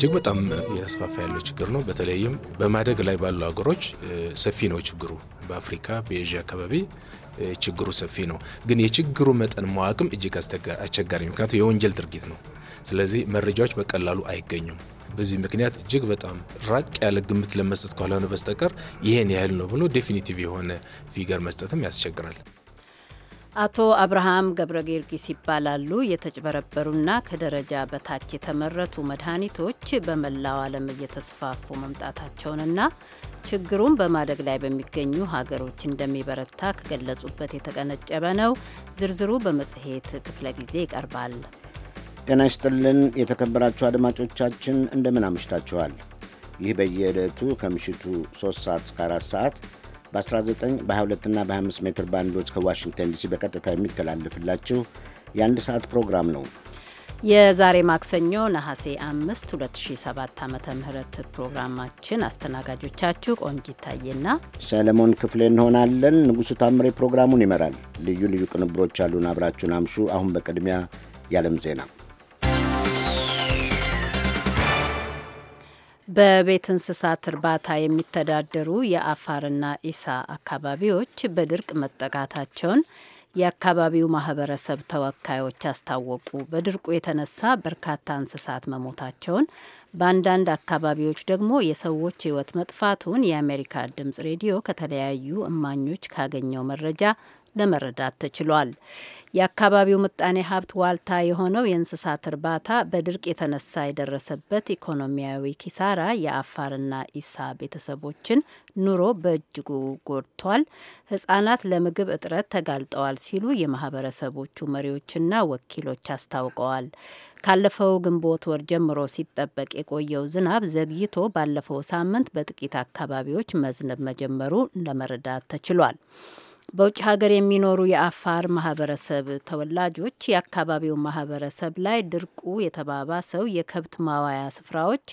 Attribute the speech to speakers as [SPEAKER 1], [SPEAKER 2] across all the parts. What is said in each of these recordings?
[SPEAKER 1] እጅግ በጣም የተስፋፋ ያለው ችግር ነው። በተለይም በማደግ ላይ ባሉ ሀገሮች ሰፊ ነው ችግሩ። በአፍሪካ በኤዥያ አካባቢ ችግሩ ሰፊ ነው። ግን የችግሩ መጠን መዋቅም እጅግ አስቸጋሪ፣ ምክንያቱም የወንጀል ድርጊት ነው። ስለዚህ መረጃዎች በቀላሉ አይገኙም። በዚህ ምክንያት እጅግ በጣም ራቅ ያለ ግምት ለመስጠት ካልሆነ በስተቀር ይሄን ያህል ነው ብሎ ዴፊኒቲቭ የሆነ ፊገር መስጠትም ያስቸግራል።
[SPEAKER 2] አቶ አብርሃም ገብረ ጊዮርጊስ ይባላሉ። የተጭበረበሩና ከደረጃ በታች የተመረቱ መድኃኒቶች በመላው ዓለም እየተስፋፉ መምጣታቸውንና ችግሩን በማደግ ላይ በሚገኙ ሀገሮች እንደሚበረታ ከገለጹበት የተቀነጨበ ነው። ዝርዝሩ በመጽሔት ክፍለ ጊዜ ይቀርባል።
[SPEAKER 3] ጤና ይስጥልን የተከበራችሁ አድማጮቻችን እንደምን አምሽታችኋል? ይህ በየዕለቱ ከምሽቱ 3 ሰዓት እስከ 4 ሰዓት በ19 በ22ና በ25 ሜትር ባንዶች ከዋሽንግተን ዲሲ በቀጥታ የሚተላለፍላችሁ የአንድ ሰዓት ፕሮግራም ነው።
[SPEAKER 2] የዛሬ ማክሰኞ ነሐሴ 5 2007 ዓ ም ፕሮግራማችን አስተናጋጆቻችሁ ቆንጅ ይታየና
[SPEAKER 3] ሰለሞን ክፍሌ እንሆናለን። ንጉሡ ታምሬ ፕሮግራሙን ይመራል። ልዩ ልዩ ቅንብሮች አሉን። አብራችሁን አምሹ። አሁን በቅድሚያ ያለም ዜና
[SPEAKER 2] በቤት እንስሳት እርባታ የሚተዳደሩ የአፋርና ኢሳ አካባቢዎች በድርቅ መጠቃታቸውን የአካባቢው ማህበረሰብ ተወካዮች አስታወቁ። በድርቁ የተነሳ በርካታ እንስሳት መሞታቸውን፣ በአንዳንድ አካባቢዎች ደግሞ የሰዎች ሕይወት መጥፋቱን የአሜሪካ ድምጽ ሬዲዮ ከተለያዩ እማኞች ካገኘው መረጃ ለመረዳት ተችሏል። የአካባቢው ምጣኔ ሀብት ዋልታ የሆነው የእንስሳት እርባታ በድርቅ የተነሳ የደረሰበት ኢኮኖሚያዊ ኪሳራ የአፋርና ኢሳ ቤተሰቦችን ኑሮ በእጅጉ ጎድቷል፣ ህጻናት ለምግብ እጥረት ተጋልጠዋል ሲሉ የማህበረሰቦቹ መሪዎችና ወኪሎች አስታውቀዋል። ካለፈው ግንቦት ወር ጀምሮ ሲጠበቅ የቆየው ዝናብ ዘግይቶ ባለፈው ሳምንት በጥቂት አካባቢዎች መዝነብ መጀመሩ ለመረዳት ተችሏል። በውጭ ሀገር የሚኖሩ የአፋር ማህበረሰብ ተወላጆች የአካባቢው ማህበረሰብ ላይ ድርቁ የተባባሰው የከብት ማዋያ ስፍራዎች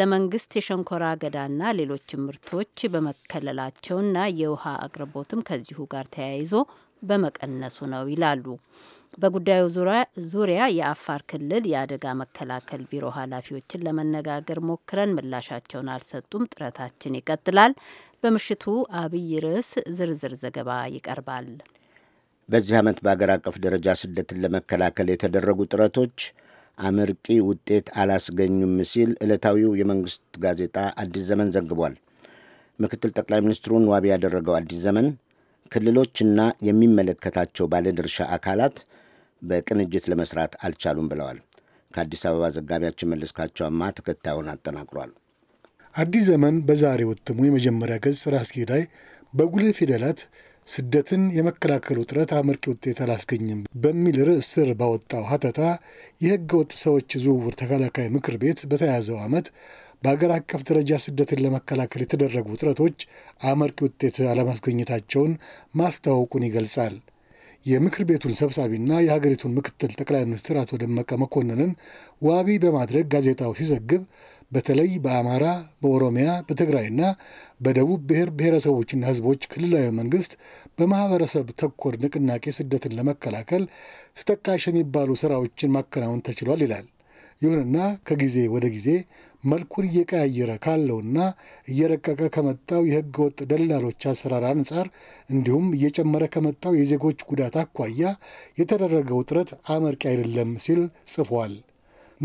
[SPEAKER 2] ለመንግስት የሸንኮራ አገዳና ሌሎችም ምርቶች በመከለላቸውና የውሃ አቅርቦትም ከዚሁ ጋር ተያይዞ በመቀነሱ ነው ይላሉ። በጉዳዩ ዙሪያ የአፋር ክልል የአደጋ መከላከል ቢሮ ኃላፊዎችን ለመነጋገር ሞክረን ምላሻቸውን አልሰጡም። ጥረታችን ይቀጥላል። በምሽቱ አብይ ርዕስ ዝርዝር ዘገባ ይቀርባል።
[SPEAKER 3] በዚህ ዓመት በአገር አቀፍ ደረጃ ስደትን ለመከላከል የተደረጉ ጥረቶች አመርቂ ውጤት አላስገኙም ሲል ዕለታዊው የመንግሥት ጋዜጣ አዲስ ዘመን ዘግቧል። ምክትል ጠቅላይ ሚኒስትሩን ዋቢ ያደረገው አዲስ ዘመን ክልሎችና የሚመለከታቸው ባለድርሻ አካላት በቅንጅት ለመስራት አልቻሉም ብለዋል። ከአዲስ አበባ ዘጋቢያችን መለስካቸውማ ተከታዩን አጠናቅሯል።
[SPEAKER 4] አዲስ ዘመን በዛሬው እትሙ የመጀመሪያ ገጽ ራስጌ ላይ በጉልህ ፊደላት ስደትን የመከላከሉ ጥረት አመርቂ ውጤት አላስገኝም በሚል ርዕስ ስር ባወጣው ሀተታ የህገ ወጥ ሰዎች ዝውውር ተከላካይ ምክር ቤት በተያዘው ዓመት በአገር አቀፍ ደረጃ ስደትን ለመከላከል የተደረጉ ጥረቶች አመርቂ ውጤት አለማስገኘታቸውን ማስታወቁን ይገልጻል። የምክር ቤቱን ሰብሳቢና የሀገሪቱን ምክትል ጠቅላይ ሚኒስትር አቶ ደመቀ መኮንንን ዋቢ በማድረግ ጋዜጣው ሲዘግብ በተለይ በአማራ፣ በኦሮሚያ፣ በትግራይና በደቡብ ብሔር ብሔረሰቦችና ህዝቦች ክልላዊ መንግስት በማህበረሰብ ተኮር ንቅናቄ ስደትን ለመከላከል ተጠቃሽ የሚባሉ ስራዎችን ማከናወን ተችሏል ይላል። ይሁንና ከጊዜ ወደ ጊዜ መልኩን እየቀያየረ ካለውና እየረቀቀ ከመጣው የሕገ ወጥ ደላሎች አሰራር አንጻር እንዲሁም እየጨመረ ከመጣው የዜጎች ጉዳት አኳያ የተደረገው ጥረት አመርቂ አይደለም ሲል ጽፏል።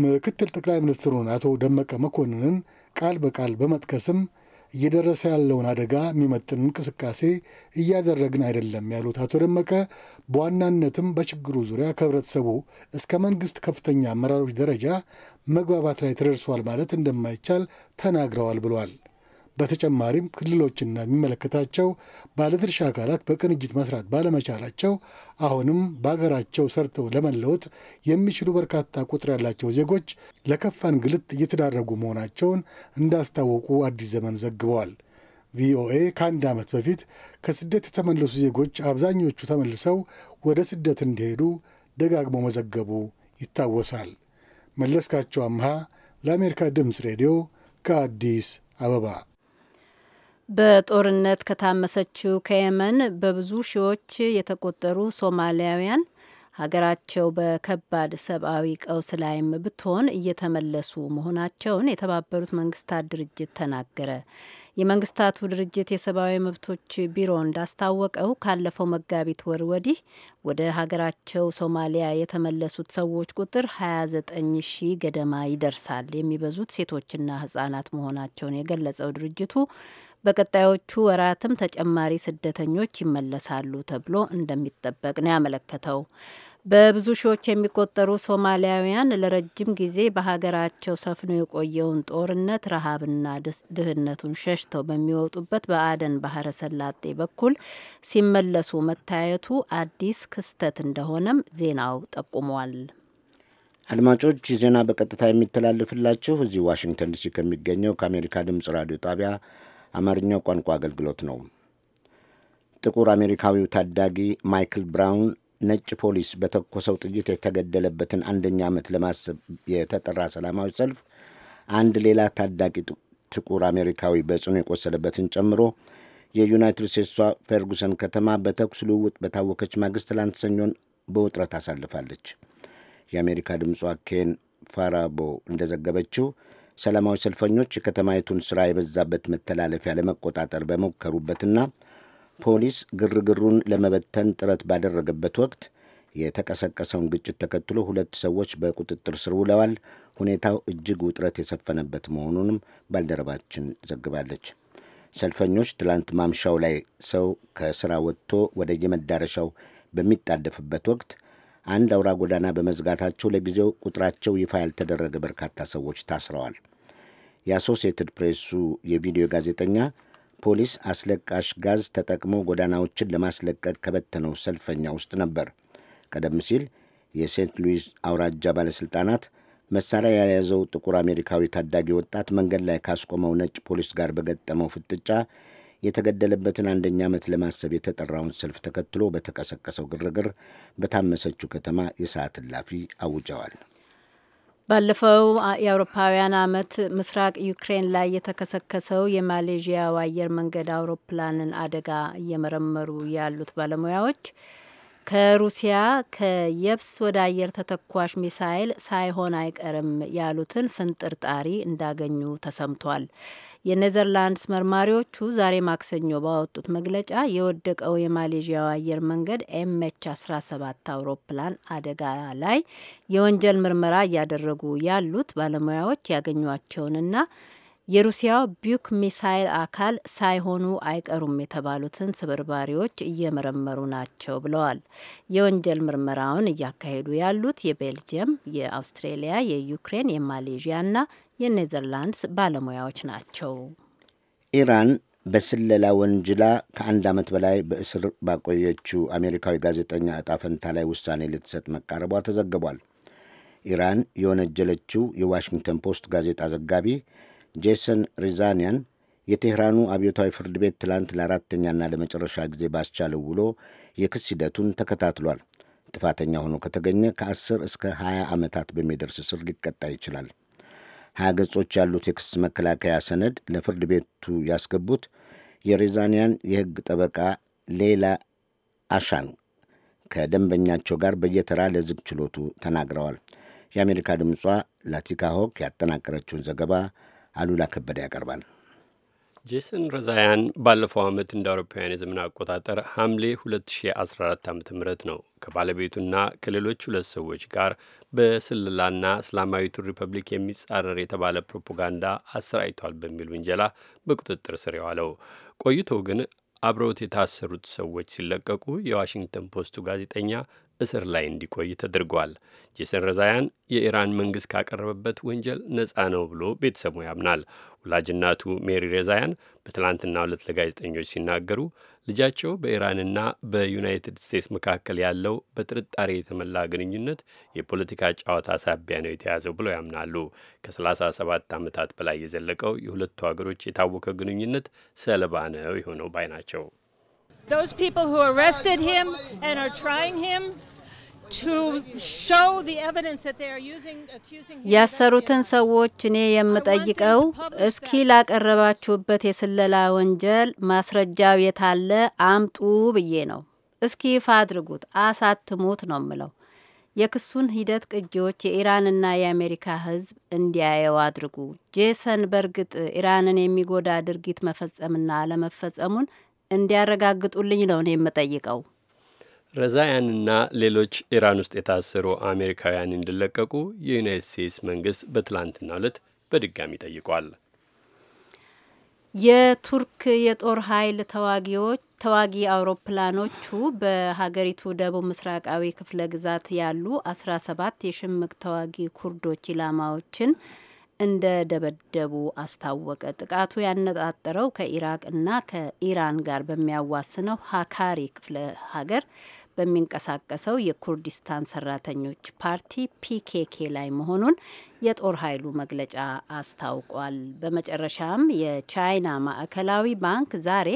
[SPEAKER 4] ምክትል ጠቅላይ ሚኒስትሩን አቶ ደመቀ መኮንንን ቃል በቃል በመጥቀስም እየደረሰ ያለውን አደጋ የሚመጥን እንቅስቃሴ እያደረግን አይደለም ያሉት አቶ ደመቀ በዋናነትም በችግሩ ዙሪያ ከህብረተሰቡ እስከ መንግስት ከፍተኛ አመራሮች ደረጃ መግባባት ላይ ተደርሷል ማለት እንደማይቻል ተናግረዋል ብሏል። በተጨማሪም ክልሎችና የሚመለከታቸው ባለድርሻ አካላት በቅንጅት መስራት ባለመቻላቸው አሁንም በሀገራቸው ሰርተው ለመለወጥ የሚችሉ በርካታ ቁጥር ያላቸው ዜጎች ለከፋን እንግልት እየተዳረጉ መሆናቸውን እንዳስታወቁ አዲስ ዘመን ዘግበዋል። ቪኦኤ ከአንድ ዓመት በፊት ከስደት የተመለሱ ዜጎች አብዛኞቹ ተመልሰው ወደ ስደት እንዲሄዱ ደጋግሞ መዘገቡ ይታወሳል። መለስካቸው አምሃ ለአሜሪካ ድምፅ ሬዲዮ ከአዲስ አበባ
[SPEAKER 2] በጦርነት ከታመሰችው ከየመን በብዙ ሺዎች የተቆጠሩ ሶማሊያውያን ሀገራቸው በከባድ ሰብአዊ ቀውስ ላይም ብትሆን እየተመለሱ መሆናቸውን የተባበሩት መንግስታት ድርጅት ተናገረ። የመንግስታቱ ድርጅት የሰብአዊ መብቶች ቢሮ እንዳስታወቀው ካለፈው መጋቢት ወር ወዲህ ወደ ሀገራቸው ሶማሊያ የተመለሱት ሰዎች ቁጥር 29 ሺህ ገደማ ይደርሳል። የሚበዙት ሴቶችና ህጻናት መሆናቸውን የገለጸው ድርጅቱ በቀጣዮቹ ወራትም ተጨማሪ ስደተኞች ይመለሳሉ ተብሎ እንደሚጠበቅ ነው ያመለከተው። በብዙ ሺዎች የሚቆጠሩ ሶማሊያውያን ለረጅም ጊዜ በሀገራቸው ሰፍኖ የቆየውን ጦርነት፣ ረሃብና ድህነቱን ሸሽተው በሚወጡበት በአደን ባህረ ሰላጤ በኩል ሲመለሱ መታየቱ አዲስ ክስተት እንደሆነም ዜናው ጠቁሟል።
[SPEAKER 3] አድማጮች ዜና በቀጥታ የሚተላለፍላችሁ እዚህ ዋሽንግተን ዲሲ ከሚገኘው ከአሜሪካ ድምፅ ራዲዮ ጣቢያ አማርኛው ቋንቋ አገልግሎት ነው። ጥቁር አሜሪካዊው ታዳጊ ማይክል ብራውን ነጭ ፖሊስ በተኮሰው ጥይት የተገደለበትን አንደኛ ዓመት ለማሰብ የተጠራ ሰላማዊ ሰልፍ አንድ ሌላ ታዳጊ ጥቁር አሜሪካዊ በጽኑ የቆሰለበትን ጨምሮ የዩናይትድ ስቴትሷ ፌርጉሰን ከተማ በተኩስ ልውውጥ በታወከች ማግስት ትላንት ሰኞን በውጥረት አሳልፋለች። የአሜሪካ ድምጿ ኬን ፋራቦ እንደዘገበችው ሰላማዊ ሰልፈኞች የከተማይቱን ሥራ የበዛበት መተላለፊያ ለመቆጣጠር በሞከሩበትና ፖሊስ ግርግሩን ለመበተን ጥረት ባደረገበት ወቅት የተቀሰቀሰውን ግጭት ተከትሎ ሁለት ሰዎች በቁጥጥር ስር ውለዋል። ሁኔታው እጅግ ውጥረት የሰፈነበት መሆኑንም ባልደረባችን ዘግባለች። ሰልፈኞች ትላንት ማምሻው ላይ ሰው ከስራ ወጥቶ ወደ የመዳረሻው በሚጣደፍበት ወቅት አንድ አውራ ጎዳና በመዝጋታቸው ለጊዜው ቁጥራቸው ይፋ ያልተደረገ በርካታ ሰዎች ታስረዋል። የአሶሲየትድ ፕሬሱ የቪዲዮ ጋዜጠኛ ፖሊስ አስለቃሽ ጋዝ ተጠቅሞ ጎዳናዎችን ለማስለቀቅ ከበተነው ሰልፈኛ ውስጥ ነበር። ቀደም ሲል የሴንት ሉዊስ አውራጃ ባለሥልጣናት መሳሪያ የያዘው ጥቁር አሜሪካዊ ታዳጊ ወጣት መንገድ ላይ ካስቆመው ነጭ ፖሊስ ጋር በገጠመው ፍጥጫ የተገደለበትን አንደኛ ዓመት ለማሰብ የተጠራውን ሰልፍ ተከትሎ በተቀሰቀሰው ግርግር በታመሰችው ከተማ የሰዓት እላፊ አውጀዋል።
[SPEAKER 2] ባለፈው የአውሮፓውያን አመት ምስራቅ ዩክሬን ላይ የተከሰከሰው የማሌዥያው አየር መንገድ አውሮፕላንን አደጋ እየመረመሩ ያሉት ባለሙያዎች ከሩሲያ ከየብስ ወደ አየር ተተኳሽ ሚሳይል ሳይሆን አይቀርም ያሉትን ፍንጥርጣሪ እንዳገኙ ተሰምቷል። የኔዘርላንድስ መርማሪዎቹ ዛሬ ማክሰኞ ባወጡት መግለጫ የወደቀው የማሌዥያው አየር መንገድ ኤምኤች 17 አውሮፕላን አደጋ ላይ የወንጀል ምርመራ እያደረጉ ያሉት ባለሙያዎች ያገኟቸውንና የሩሲያው ቢዩክ ሚሳይል አካል ሳይሆኑ አይቀሩም የተባሉትን ስብርባሪዎች እየመረመሩ ናቸው ብለዋል። የወንጀል ምርመራውን እያካሄዱ ያሉት የቤልጅየም፣ የአውስትሬሊያ፣ የዩክሬን፣ የማሌዥያና የኔዘርላንድስ ባለሙያዎች ናቸው።
[SPEAKER 3] ኢራን በስለላ ወንጅላ ከአንድ ዓመት በላይ በእስር ባቆየችው አሜሪካዊ ጋዜጠኛ ዕጣ ፈንታ ላይ ውሳኔ ልትሰጥ መቃረቧ ተዘግቧል። ኢራን የወነጀለችው የዋሽንግተን ፖስት ጋዜጣ ዘጋቢ ጄሰን ሪዛኒያን የቴህራኑ አብዮታዊ ፍርድ ቤት ትላንት ለአራተኛና ለመጨረሻ ጊዜ ባስቻለው ውሎ የክስ ሂደቱን ተከታትሏል። ጥፋተኛ ሆኖ ከተገኘ ከ10 እስከ 20 ዓመታት በሚደርስ እስር ሊቀጣ ይችላል። ሀያ ገጾች ያሉት የክስ መከላከያ ሰነድ ለፍርድ ቤቱ ያስገቡት የሬዛኒያን የሕግ ጠበቃ ሌላ አሻን ከደንበኛቸው ጋር በየተራ ለዝግ ችሎቱ ተናግረዋል። የአሜሪካ ድምጿ ላቲካ ሆክ ያጠናቀረችውን ዘገባ አሉላ ከበደ ያቀርባል።
[SPEAKER 5] ጄሰን ረዛያን ባለፈው ዓመት እንደ አውሮፓውያን የዘመን አቆጣጠር ሐምሌ 2014 ዓ ም ነው ከባለቤቱና ከሌሎች ሁለት ሰዎች ጋር በስልላና እስላማዊቱ ሪፐብሊክ የሚጻረር የተባለ ፕሮፓጋንዳ አሰራጭቷል በሚል ውንጀላ በቁጥጥር ስር የዋለው ቆይቶ ግን አብረውት የታሰሩት ሰዎች ሲለቀቁ የዋሽንግተን ፖስቱ ጋዜጠኛ እስር ላይ እንዲቆይ ተደርጓል። ጄሰን ረዛያን የኢራን መንግስት ካቀረበበት ወንጀል ነፃ ነው ብሎ ቤተሰቡ ያምናል። ወላጅናቱ ሜሪ ረዛያን በትላንትና ዕለት ለጋዜጠኞች ሲናገሩ ልጃቸው በኢራንና በዩናይትድ ስቴትስ መካከል ያለው በጥርጣሬ የተሞላ ግንኙነት የፖለቲካ ጨዋታ ሳቢያ ነው የተያዘው ብለው ያምናሉ። ከ37 ዓመታት በላይ የዘለቀው የሁለቱ ሀገሮች የታወቀ ግንኙነት ሰለባ ነው የሆነው ባይ ናቸው።
[SPEAKER 2] ያሰሩትን ሰዎች እኔ የምጠይቀው እስኪ ላቀረባችሁበት የስለላ ወንጀል ማስረጃው የታለ አምጡ ብዬ ነው። እስኪ ይፋ አድርጉት፣ አሳትሙት ነው ምለው። የክሱን ሂደት ቅጂዎች የኢራንና የአሜሪካ ሕዝብ እንዲያየው አድርጉ። ጄሰን በእርግጥ ኢራንን የሚጎዳ ድርጊት መፈጸምና አለመፈጸሙን እንዲያረጋግጡልኝ ነው እኔ የምጠይቀው።
[SPEAKER 5] ረዛያንና ሌሎች ኢራን ውስጥ የታሰሩ አሜሪካውያን እንዲለቀቁ የዩናይት ስቴትስ መንግስት በትላንትናው ዕለት በድጋሚ ጠይቋል።
[SPEAKER 2] የቱርክ የጦር ኃይል ተዋጊዎች ተዋጊ አውሮፕላኖቹ በሀገሪቱ ደቡብ ምስራቃዊ ክፍለ ግዛት ያሉ አስራ ሰባት የሽምቅ ተዋጊ ኩርዶች ኢላማዎችን እንደ ደበደቡ አስታወቀ። ጥቃቱ ያነጣጠረው ከኢራቅ እና ከኢራን ጋር በሚያዋስነው ሀካሪ ክፍለ ሀገር በሚንቀሳቀሰው የኩርዲስታን ሰራተኞች ፓርቲ ፒኬኬ ላይ መሆኑን የጦር ኃይሉ መግለጫ አስታውቋል። በመጨረሻም የቻይና ማዕከላዊ ባንክ ዛሬ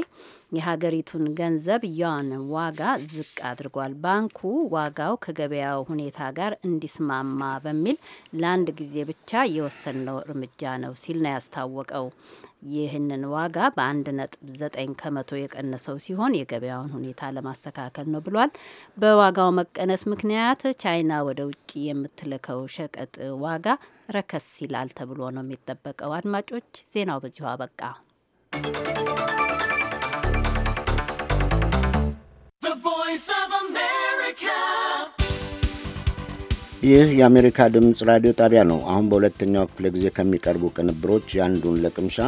[SPEAKER 2] የሀገሪቱን ገንዘብ ያን ዋጋ ዝቅ አድርጓል። ባንኩ ዋጋው ከገበያው ሁኔታ ጋር እንዲስማማ በሚል ለአንድ ጊዜ ብቻ የወሰነው እርምጃ ነው ሲል ነው ያስታወቀው። ይህንን ዋጋ በአንድ ነጥብ ዘጠኝ ከመቶ የቀነሰው ሲሆን የገበያውን ሁኔታ ለማስተካከል ነው ብሏል። በዋጋው መቀነስ ምክንያት ቻይና ወደ ውጭ የምትልከው ሸቀጥ ዋጋ ረከስ ይላል ተብሎ ነው የሚጠበቀው። አድማጮች፣ ዜናው በዚሁ አበቃ።
[SPEAKER 3] ይህ የአሜሪካ ድምፅ ራዲዮ ጣቢያ ነው። አሁን በሁለተኛው ክፍለ ጊዜ ከሚቀርቡ ቅንብሮች የአንዱን ለቅምሻ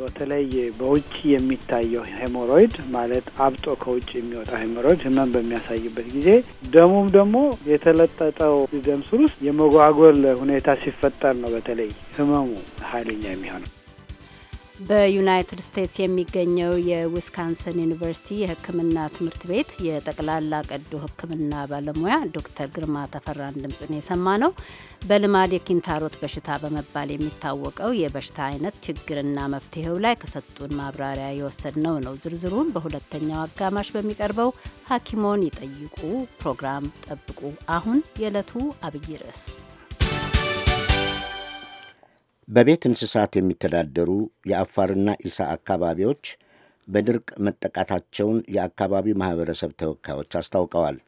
[SPEAKER 6] በተለይ በውጭ የሚታየው ሄሞሮይድ ማለት አብጦ ከውጭ የሚወጣ ሄሞሮይድ ህመም በሚያሳይበት ጊዜ ደሙም ደግሞ የተለጠጠው ደም ስር ውስጥ የመጓጎል ሁኔታ ሲፈጠር ነው በተለይ ህመሙ ኃይለኛ የሚሆነው።
[SPEAKER 2] በዩናይትድ ስቴትስ የሚገኘው የዊስካንሰን ዩኒቨርሲቲ የሕክምና ትምህርት ቤት የጠቅላላ ቀዶ ሕክምና ባለሙያ ዶክተር ግርማ ተፈራን ድምፅን የሰማ ነው። በልማድ የኪንታሮት በሽታ በመባል የሚታወቀው የበሽታ አይነት ችግርና መፍትሄው ላይ ከሰጡን ማብራሪያ የወሰድ ነው ነው። ዝርዝሩን በሁለተኛው አጋማሽ በሚቀርበው ሐኪሞን ይጠይቁ ፕሮግራም ጠብቁ። አሁን የዕለቱ አብይ ርዕስ
[SPEAKER 3] በቤት እንስሳት የሚተዳደሩ የአፋርና ኢሳ አካባቢዎች በድርቅ መጠቃታቸውን የአካባቢው ማኅበረሰብ ተወካዮች አስታውቀዋል።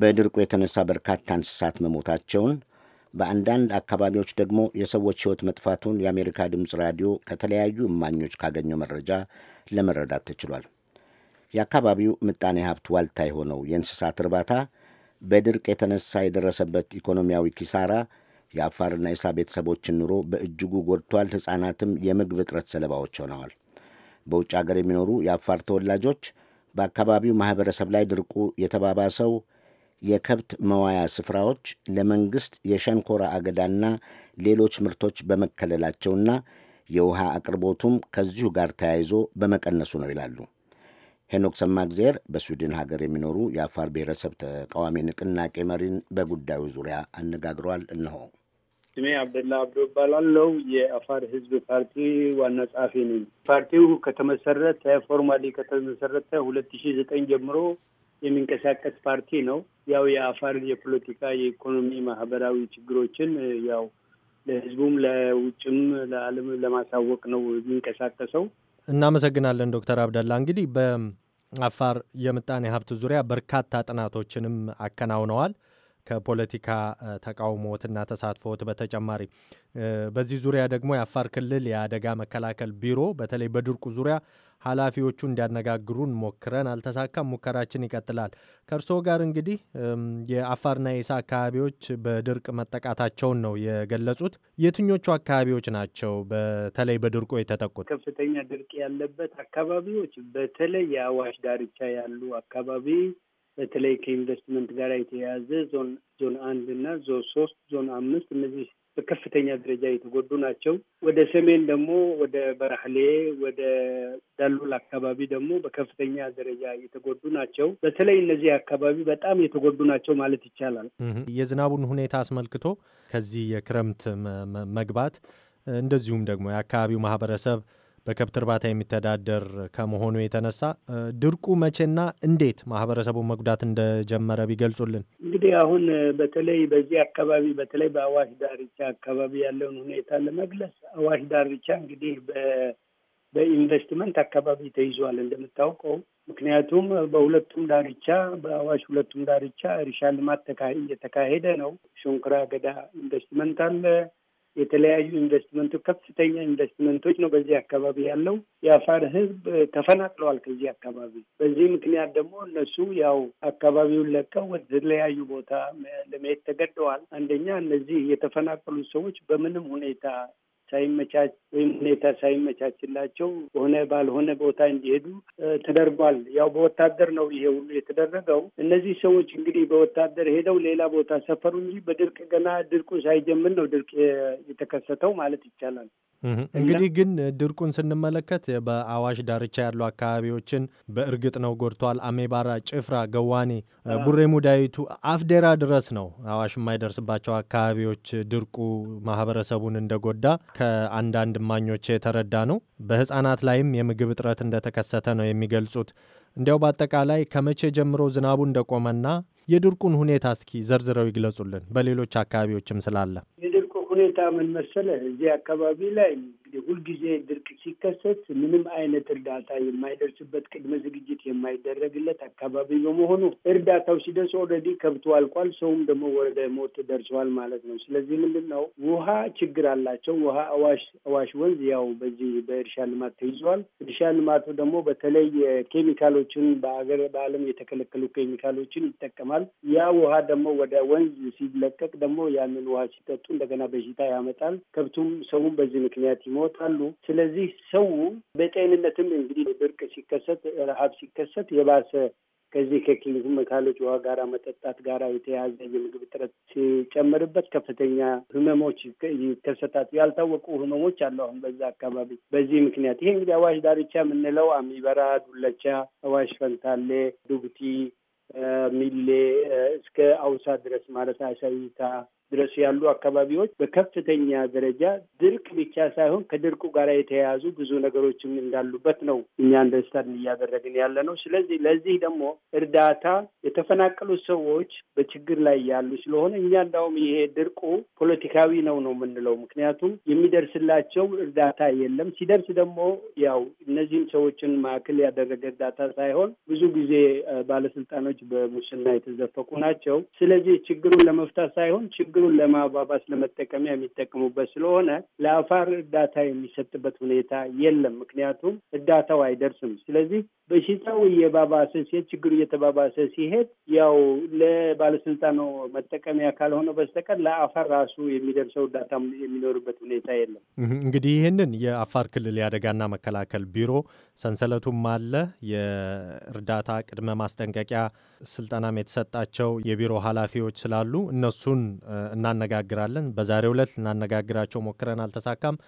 [SPEAKER 3] በድርቁ የተነሳ በርካታ እንስሳት መሞታቸውን በአንዳንድ አካባቢዎች ደግሞ የሰዎች ሕይወት መጥፋቱን የአሜሪካ ድምፅ ራዲዮ ከተለያዩ እማኞች ካገኘው መረጃ ለመረዳት ተችሏል። የአካባቢው ምጣኔ ሀብት ዋልታ የሆነው የእንስሳት እርባታ በድርቅ የተነሳ የደረሰበት ኢኮኖሚያዊ ኪሳራ የአፋርና የሳ ቤተሰቦችን ኑሮ በእጅጉ ጎድቷል። ሕፃናትም የምግብ እጥረት ሰለባዎች ሆነዋል። በውጭ አገር የሚኖሩ የአፋር ተወላጆች በአካባቢው ማኅበረሰብ ላይ ድርቁ የተባባሰው የከብት መዋያ ስፍራዎች ለመንግሥት የሸንኮራ አገዳና ሌሎች ምርቶች በመከለላቸውና የውሃ አቅርቦቱም ከዚሁ ጋር ተያይዞ በመቀነሱ ነው ይላሉ። ሄኖክ ሰማግዜር በስዊድን ሀገር የሚኖሩ የአፋር ብሔረሰብ ተቃዋሚ ንቅናቄ መሪን በጉዳዩ ዙሪያ አነጋግሯል። እነሆ
[SPEAKER 7] ስሜ አብደላ አብዶ እባላለሁ። የአፋር ህዝብ ፓርቲ ዋና ጸሐፊ ነኝ። ፓርቲው ከተመሰረተ ፎርማሊ ከተመሰረተ ሁለት ሺ ዘጠኝ ጀምሮ የሚንቀሳቀስ ፓርቲ ነው። ያው የአፋር የፖለቲካ፣ የኢኮኖሚ፣ ማህበራዊ ችግሮችን ያው ለህዝቡም ለውጭም ለዓለም ለማሳወቅ ነው የሚንቀሳቀሰው።
[SPEAKER 8] እናመሰግናለን ዶክተር አብደላ። እንግዲህ በአፋር የምጣኔ ሀብት ዙሪያ በርካታ ጥናቶችንም አከናውነዋል። ከፖለቲካ ተቃውሞትና ተሳትፎት በተጨማሪ በዚህ ዙሪያ ደግሞ የአፋር ክልል የአደጋ መከላከል ቢሮ በተለይ በድርቁ ዙሪያ ኃላፊዎቹ እንዲያነጋግሩን ሞክረን አልተሳካም። ሙከራችን ይቀጥላል። ከእርስዎ ጋር እንግዲህ የአፋርና የኢሳ አካባቢዎች በድርቅ መጠቃታቸውን ነው የገለጹት። የትኞቹ አካባቢዎች ናቸው በተለይ በድርቆ የተጠቁት?
[SPEAKER 7] ከፍተኛ ድርቅ ያለበት አካባቢዎች በተለይ የአዋሽ ዳርቻ ያሉ አካባቢ በተለይ ከኢንቨስትመንት ጋር የተያያዘ ዞን ዞን አንድ እና ዞን ሶስት ዞን አምስት እነዚህ በከፍተኛ ደረጃ የተጎዱ ናቸው። ወደ ሰሜን ደግሞ ወደ በራህሌ ወደ ዳሎል አካባቢ ደግሞ በከፍተኛ ደረጃ የተጎዱ ናቸው። በተለይ እነዚህ አካባቢ በጣም የተጎዱ ናቸው ማለት ይቻላል።
[SPEAKER 8] የዝናቡን ሁኔታ አስመልክቶ ከዚህ የክረምት መግባት እንደዚሁም ደግሞ የአካባቢው ማህበረሰብ በከብት እርባታ የሚተዳደር ከመሆኑ የተነሳ ድርቁ መቼና እንዴት ማህበረሰቡን መጉዳት እንደጀመረ ቢገልጹልን። እንግዲህ
[SPEAKER 7] አሁን በተለይ በዚህ አካባቢ በተለይ በአዋሽ ዳርቻ አካባቢ ያለውን ሁኔታ ለመግለጽ አዋሽ ዳርቻ እንግዲህ በኢንቨስትመንት አካባቢ ተይዟል እንደምታውቀው። ምክንያቱም በሁለቱም ዳርቻ በአዋሽ ሁለቱም ዳርቻ እርሻ ልማት እየተካሄደ ነው። ሸንኮራ አገዳ ኢንቨስትመንት አለ። የተለያዩ ኢንቨስትመንቶች ከፍተኛ ኢንቨስትመንቶች ነው በዚህ አካባቢ ያለው። የአፋር ህዝብ ተፈናቅለዋል ከዚህ አካባቢ። በዚህ ምክንያት ደግሞ እነሱ ያው አካባቢውን ለቀው ወደተለያዩ ቦታ ለመሄድ ተገደዋል። አንደኛ እነዚህ የተፈናቀሉ ሰዎች በምንም ሁኔታ ሳይመቻች ወይም ሁኔታ ሳይመቻችላቸው ሆነ ባልሆነ ቦታ እንዲሄዱ ተደርጓል። ያው በወታደር ነው ይሄ ሁሉ የተደረገው። እነዚህ ሰዎች እንግዲህ በወታደር ሄደው ሌላ ቦታ ሰፈሩ እንጂ በድርቅ ገና ድርቁ ሳይጀምር ነው ድርቅ የተከሰተው ማለት ይቻላል። እንግዲህ
[SPEAKER 8] ግን ድርቁን ስንመለከት በአዋሽ ዳርቻ ያሉ አካባቢዎችን በእርግጥ ነው ጎድቷል። አሜባራ፣ ጭፍራ፣ ገዋኔ፣ ቡሬ ሙዳይቱ፣ አፍዴራ ድረስ ነው አዋሽ የማይደርስባቸው አካባቢዎች ድርቁ ማህበረሰቡን እንደጎዳ ከአንዳንድ እማኞች የተረዳ ነው። በህጻናት ላይም የምግብ እጥረት እንደተከሰተ ነው የሚገልጹት። እንዲያው በአጠቃላይ ከመቼ ጀምሮ ዝናቡ እንደቆመና የድርቁን ሁኔታ እስኪ ዘርዝረው ይግለጹልን። በሌሎች አካባቢዎችም ስላለ
[SPEAKER 7] ሁኔታ ምን መሰለህ፣ እዚህ አካባቢ ላይ ሁልጊዜ ድርቅ ሲከሰት ምንም አይነት እርዳታ የማይደርስበት ቅድመ ዝግጅት የማይደረግለት አካባቢ በመሆኑ እርዳታው ሲደርስ ኦልሬዲ ከብቱ አልቋል፣ ሰውም ደግሞ ወደ ሞት ደርሰዋል ማለት ነው። ስለዚህ ምንድን ነው ውሃ ችግር አላቸው። ውሃ አዋሽ አዋሽ ወንዝ ያው በዚህ በእርሻ ልማት ተይዘዋል። እርሻ ልማቱ ደግሞ በተለይ ኬሚካሎችን በአገር በዓለም የተከለከሉ ኬሚካሎችን ይጠቀማል። ያ ውሃ ደግሞ ወደ ወንዝ ሲለቀቅ ደግሞ ያንን ውሃ ሲጠጡ እንደገና በሽታ ያመጣል። ከብቱም ሰውም በዚህ ምክንያት ይሞ ይሞታሉ። ስለዚህ ሰው በጤንነትም እንግዲህ ድርቅ ሲከሰት፣ ረሀብ ሲከሰት የባሰ ከዚህ መካሎች ውሃ ጋራ መጠጣት ጋራ የተያያዘ የምግብ እጥረት ሲጨምርበት ከፍተኛ ህመሞች ይከሰታሉ። ያልታወቁ ህመሞች አሉ አሁን በዛ አካባቢ። በዚህ ምክንያት ይሄ እንግዲህ አዋሽ ዳርቻ የምንለው አሚበራ፣ ዱለቻ፣ አዋሽ ፈንታሌ፣ ዱብቲ፣ ሚሌ እስከ አውሳ ድረስ ማለት አሳይታ ድረስ ያሉ አካባቢዎች በከፍተኛ ደረጃ ድርቅ ብቻ ሳይሆን ከድርቁ ጋር የተያያዙ ብዙ ነገሮችም እንዳሉበት ነው እኛ አንደርስታንድ እያደረግን ያለ ነው። ስለዚህ ለዚህ ደግሞ እርዳታ የተፈናቀሉ ሰዎች በችግር ላይ ያሉ ስለሆነ እኛ እንዳውም ይሄ ድርቁ ፖለቲካዊ ነው ነው የምንለው። ምክንያቱም የሚደርስላቸው እርዳታ የለም። ሲደርስ ደግሞ ያው እነዚህም ሰዎችን ማዕከል ያደረገ እርዳታ ሳይሆን ብዙ ጊዜ ባለስልጣኖች በሙስና የተዘፈቁ ናቸው። ስለዚህ ችግሩን ለመፍታት ሳይሆን ችግሩን ለማባባስ ለመጠቀሚያ የሚጠቀሙበት ስለሆነ ለአፋር እርዳታ የሚሰጥበት ሁኔታ የለም። ምክንያቱም እርዳታው አይደርስም። ስለዚህ በሽታው እየባባሰ ሲሄድ፣ ችግሩ እየተባባሰ ሲሄድ ያው ለባለስልጣኑ መጠቀሚያ ካልሆነ በስተቀር ለአፋር ራሱ የሚደርሰው እርዳታ የሚኖርበት ሁኔታ የለም።
[SPEAKER 8] እንግዲህ ይህንን የአፋር ክልል የአደጋና መከላከል ቢሮ ሰንሰለቱም አለ የእርዳታ ቅድመ ማስጠንቀቂያ ስልጠናም የተሰጣቸው የቢሮ ኃላፊዎች ስላሉ እነሱን እናነጋግራለን። በዛሬው ዕለት ልናነጋግራቸው ሞክረን አልተሳካም።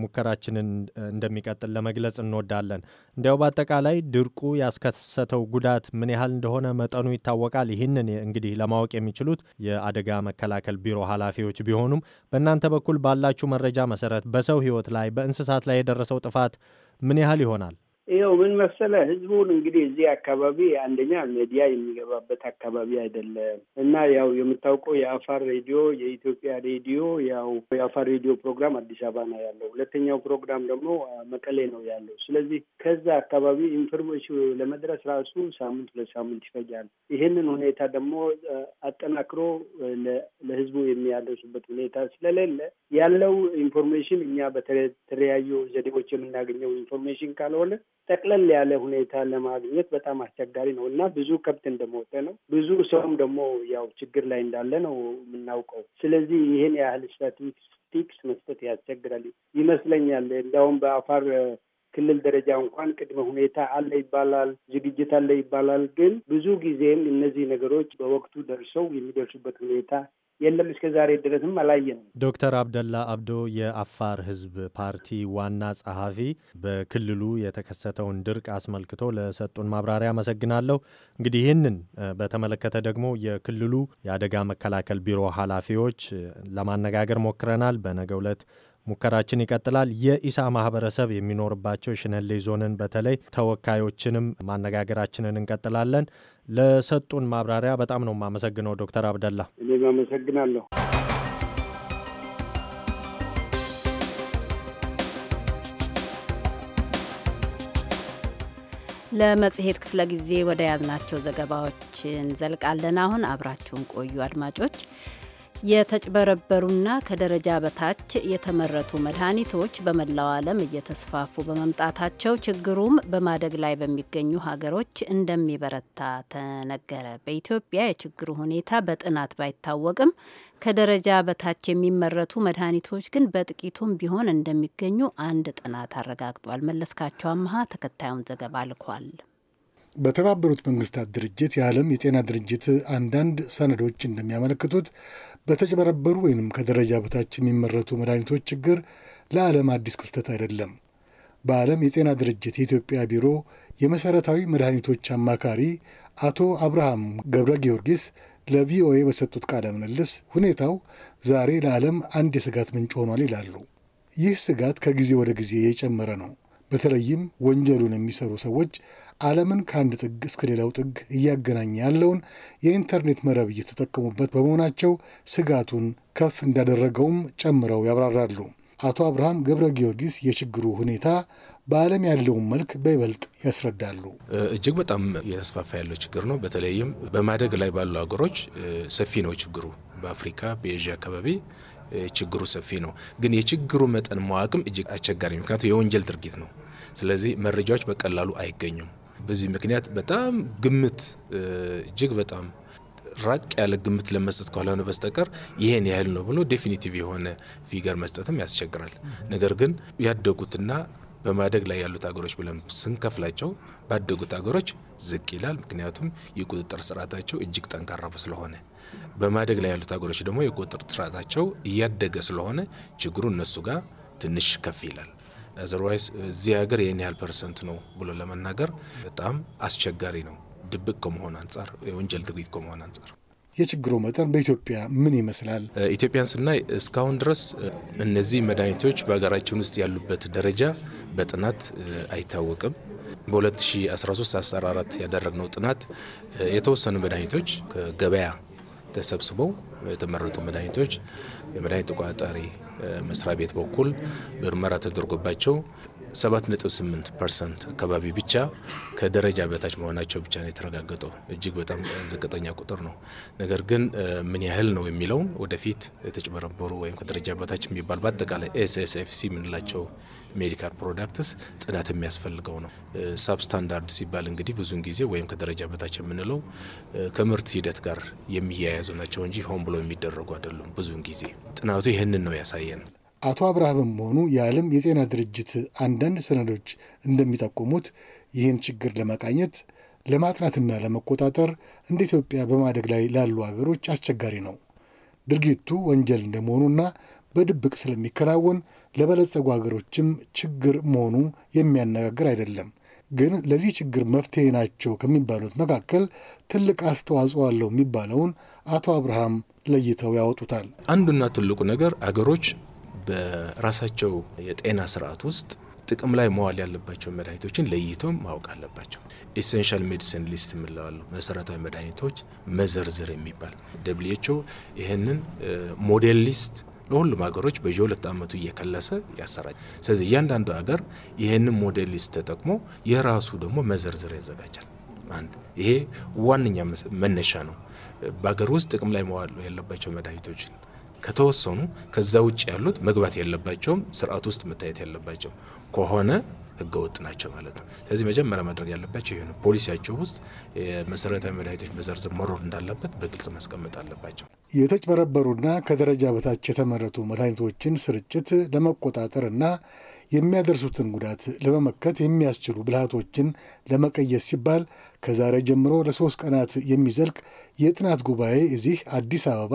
[SPEAKER 8] ሙከራችንን እንደሚቀጥል ለመግለጽ እንወዳለን። እንዲያው በአጠቃላይ ድርቁ ያስከሰተው ጉዳት ምን ያህል እንደሆነ መጠኑ ይታወቃል። ይህንን እንግዲህ ለማወቅ የሚችሉት የአደጋ መከላከል ቢሮ ኃላፊዎች ቢሆኑም በእናንተ በኩል ባላችሁ መረጃ መሰረት በሰው ሕይወት ላይ በእንስሳት ላይ የደረሰው ጥፋት ምን ያህል ይሆናል?
[SPEAKER 7] ይኸው ምን መሰለ ህዝቡን እንግዲህ እዚህ አካባቢ አንደኛ ሚዲያ የሚገባበት አካባቢ አይደለም እና ያው የምታውቀው የአፋር ሬዲዮ የኢትዮጵያ ሬዲዮ ያው የአፋር ሬዲዮ ፕሮግራም አዲስ አበባ ነው ያለው። ሁለተኛው ፕሮግራም ደግሞ መቀሌ ነው ያለው። ስለዚህ ከዛ አካባቢ ኢንፎርሜሽን ለመድረስ ራሱ ሳምንት ለሳምንት ይፈጃል። ይህንን ሁኔታ ደግሞ አጠናክሮ ለህዝቡ የሚያደርሱበት ሁኔታ ስለሌለ ያለው ኢንፎርሜሽን እኛ በተለያዩ ዘዴዎች የምናገኘው ኢንፎርሜሽን ካልሆነ ጠቅለል ያለ ሁኔታ ለማግኘት በጣም አስቸጋሪ ነው እና ብዙ ከብት እንደሞተ ነው። ብዙ ሰውም ደግሞ ያው ችግር ላይ እንዳለ ነው የምናውቀው። ስለዚህ ይህን ያህል ስታቲስቲክስ መስጠት ያስቸግራል ይመስለኛል። እንዲያውም በአፋር ክልል ደረጃ እንኳን ቅድመ ሁኔታ አለ ይባላል፣ ዝግጅት አለ ይባላል። ግን ብዙ ጊዜም እነዚህ ነገሮች በወቅቱ ደርሰው የሚደርሱበት ሁኔታ የለም እስከ ዛሬ ድረስም አላየንም።
[SPEAKER 8] ዶክተር አብደላ አብዶ የአፋር ሕዝብ ፓርቲ ዋና ጸሐፊ፣ በክልሉ የተከሰተውን ድርቅ አስመልክቶ ለሰጡን ማብራሪያ አመሰግናለሁ። እንግዲህ ይህንን በተመለከተ ደግሞ የክልሉ የአደጋ መከላከል ቢሮ ኃላፊዎች ለማነጋገር ሞክረናል። በነገው ዕለት ሙከራችን ይቀጥላል። የኢሳ ማህበረሰብ የሚኖርባቸው ሽነሌ ዞንን በተለይ ተወካዮችንም ማነጋገራችንን እንቀጥላለን። ለሰጡን ማብራሪያ በጣም ነው የማመሰግነው ዶክተር አብደላ።
[SPEAKER 7] እኔም አመሰግናለሁ።
[SPEAKER 2] ለመጽሔት ክፍለ ጊዜ ወደ ያዝናቸው ዘገባዎች እንዘልቃለን። አሁን አብራችሁን ቆዩ አድማጮች። የተጭበረበሩና ከደረጃ በታች የተመረቱ መድኃኒቶች በመላው ዓለም እየተስፋፉ በመምጣታቸው ችግሩም በማደግ ላይ በሚገኙ ሀገሮች እንደሚበረታ ተነገረ። በኢትዮጵያ የችግሩ ሁኔታ በጥናት ባይታወቅም ከደረጃ በታች የሚመረቱ መድኃኒቶች ግን በጥቂቱም ቢሆን እንደሚገኙ አንድ ጥናት አረጋግጧል። መለስካቸው አመሀ ተከታዩን ዘገባ ልኳል።
[SPEAKER 4] በተባበሩት መንግስታት ድርጅት የዓለም የጤና ድርጅት አንዳንድ ሰነዶች እንደሚያመለክቱት በተጨበረበሩ ወይንም ከደረጃ በታች የሚመረቱ መድኃኒቶች ችግር ለዓለም አዲስ ክስተት አይደለም። በዓለም የጤና ድርጅት የኢትዮጵያ ቢሮ የመሠረታዊ መድኃኒቶች አማካሪ አቶ አብርሃም ገብረ ጊዮርጊስ ለቪኦኤ በሰጡት ቃለ ምልልስ ሁኔታው ዛሬ ለዓለም አንድ የስጋት ምንጭ ሆኗል ይላሉ። ይህ ስጋት ከጊዜ ወደ ጊዜ የጨመረ ነው። በተለይም ወንጀሉን የሚሰሩ ሰዎች ዓለምን ከአንድ ጥግ እስከ ሌላው ጥግ እያገናኘ ያለውን የኢንተርኔት መረብ እየተጠቀሙበት በመሆናቸው ስጋቱን ከፍ እንዳደረገውም ጨምረው ያብራራሉ። አቶ አብርሃም ገብረ ጊዮርጊስ የችግሩ ሁኔታ በዓለም ያለውን መልክ በይበልጥ
[SPEAKER 1] ያስረዳሉ። እጅግ በጣም እየተስፋፋ ያለው ችግር ነው። በተለይም በማደግ ላይ ባሉ ሀገሮች ሰፊ ነው ችግሩ። በአፍሪካ በኤዥያ አካባቢ ችግሩ ሰፊ ነው። ግን የችግሩ መጠን ማወቅም እጅግ አስቸጋሪ፣ ምክንያቱም የወንጀል ድርጊት ነው። ስለዚህ መረጃዎች በቀላሉ አይገኙም። በዚህ ምክንያት በጣም ግምት እጅግ በጣም ራቅ ያለ ግምት ለመስጠት ካልሆነ በስተቀር ይሄን ያህል ነው ብሎ ዴፊኒቲቭ የሆነ ፊገር መስጠትም ያስቸግራል። ነገር ግን ያደጉትና በማደግ ላይ ያሉት አገሮች ብለን ስንከፍላቸው ባደጉት አገሮች ዝቅ ይላል። ምክንያቱም የቁጥጥር ስርዓታቸው እጅግ ጠንካራ ስለሆነ፣ በማደግ ላይ ያሉት አገሮች ደግሞ የቁጥጥር ስርዓታቸው እያደገ ስለሆነ ችግሩ እነሱ ጋር ትንሽ ከፍ ይላል። አዘርዋይስ እዚህ ሀገር ይህን ያህል ፐርሰንት ነው ብሎ ለመናገር በጣም አስቸጋሪ ነው። ድብቅ ከመሆን አንጻር፣ የወንጀል ድርጊት ከመሆን አንጻር የችግሩ መጠን በኢትዮጵያ ምን ይመስላል? ኢትዮጵያን ስናይ እስካሁን ድረስ እነዚህ መድኃኒቶች በሀገራችን ውስጥ ያሉበት ደረጃ በጥናት አይታወቅም። በ2013 14 ያደረግነው ጥናት የተወሰኑ መድኃኒቶች ከገበያ ተሰብስበው የተመረጡ መድኃኒቶች የመድኃኒት ተቋጣሪ መስሪያ ቤት በኩል ምርመራ ተደርጎባቸው 7.8 ፐርሰንት አካባቢ ብቻ ከደረጃ በታች መሆናቸው ብቻ ነው የተረጋገጠው። እጅግ በጣም ዝቅተኛ ቁጥር ነው። ነገር ግን ምን ያህል ነው የሚለውን ወደፊት የተጭበረበሩ ወይም ከደረጃ በታች የሚባል በአጠቃላይ ኤስኤስኤፍሲ የምንላቸው ሜዲካል ፕሮዳክትስ ጥናት የሚያስፈልገው ነው። ሳብስታንዳርድ ሲባል እንግዲህ ብዙውን ጊዜ ወይም ከደረጃ በታች የምንለው ከምርት ሂደት ጋር የሚያያዙ ናቸው እንጂ ሆን ብሎ የሚደረጉ አይደሉም። ብዙውን ጊዜ ጥናቱ ይህንን ነው ያሳየን። አቶ
[SPEAKER 4] አብርሃምም ሆኑ የዓለም የጤና ድርጅት አንዳንድ ሰነዶች እንደሚጠቁሙት ይህን ችግር ለመቃኘት ለማጥናትና ለመቆጣጠር እንደ ኢትዮጵያ በማደግ ላይ ላሉ አገሮች አስቸጋሪ ነው። ድርጊቱ ወንጀል እንደመሆኑና በድብቅ ስለሚከናወን ለበለጸጉ አገሮችም ችግር መሆኑ የሚያነጋግር አይደለም። ግን ለዚህ ችግር መፍትሄ ናቸው ከሚባሉት መካከል ትልቅ አስተዋጽኦ አለው የሚባለውን አቶ አብርሃም ለይተው ያወጡታል።
[SPEAKER 1] አንዱና ትልቁ ነገር አገሮች በራሳቸው የጤና ስርዓት ውስጥ ጥቅም ላይ መዋል ያለባቸው መድኃኒቶችን ለይቶ ማወቅ አለባቸው። ኤሴንሻል ሜዲሲን ሊስት የምለዋለሁ መሰረታዊ መድኃኒቶች መዘርዝር የሚባል ደብሊው ይህንን ሞዴል ሊስት ለሁሉም ሀገሮች በየሁለት ዓመቱ እየከለሰ ያሰራጭ። ስለዚህ እያንዳንዱ ሀገር ይህንን ሞዴል ሊስት ተጠቅሞ የራሱ ደግሞ መዘርዝር ያዘጋጃል። አንድ ይሄ ዋነኛ መነሻ ነው። በሀገር ውስጥ ጥቅም ላይ መዋል ያለባቸው መድኃኒቶችን ከተወሰኑ ከዛ ውጭ ያሉት መግባት የለባቸውም፣ ስርዓት ውስጥ መታየት ያለባቸው ከሆነ ህገወጥ ናቸው ማለት ነው። ስለዚህ መጀመሪያ ማድረግ ያለባቸው ይህ ፖሊሲያቸው ውስጥ የመሰረታዊ መድኃኒቶች መዘርዝር መሮር እንዳለበት በግልጽ ማስቀመጥ አለባቸው።
[SPEAKER 4] የተጭበረበሩና ከደረጃ በታች የተመረቱ መድኃኒቶችን ስርጭት ለመቆጣጠር እና የሚያደርሱትን ጉዳት ለመመከት የሚያስችሉ ብልሃቶችን ለመቀየስ ሲባል ከዛሬ ጀምሮ ለሶስት ቀናት የሚዘልቅ የጥናት ጉባኤ እዚህ አዲስ አበባ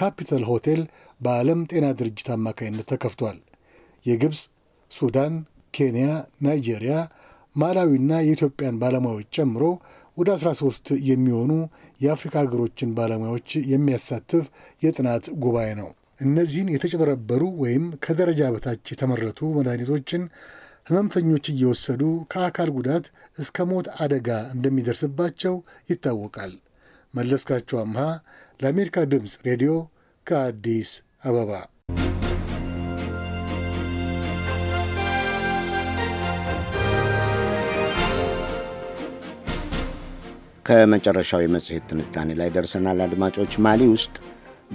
[SPEAKER 4] ካፒታል ሆቴል በዓለም ጤና ድርጅት አማካኝነት ተከፍቷል። የግብፅ፣ ሱዳን፣ ኬንያ፣ ናይጄሪያ፣ ማላዊና የኢትዮጵያን ባለሙያዎች ጨምሮ ወደ 13 የሚሆኑ የአፍሪካ ሀገሮችን ባለሙያዎች የሚያሳትፍ የጥናት ጉባኤ ነው። እነዚህን የተጨበረበሩ ወይም ከደረጃ በታች የተመረቱ መድኃኒቶችን ህመምተኞች እየወሰዱ ከአካል ጉዳት እስከ ሞት አደጋ እንደሚደርስባቸው ይታወቃል። መለስካቸው አምሃ ለአሜሪካ ድምፅ ሬዲዮ ከአዲስ አበባ።
[SPEAKER 3] ከመጨረሻው የመጽሔት ትንታኔ ላይ ደርሰናል። አድማጮች ማሊ ውስጥ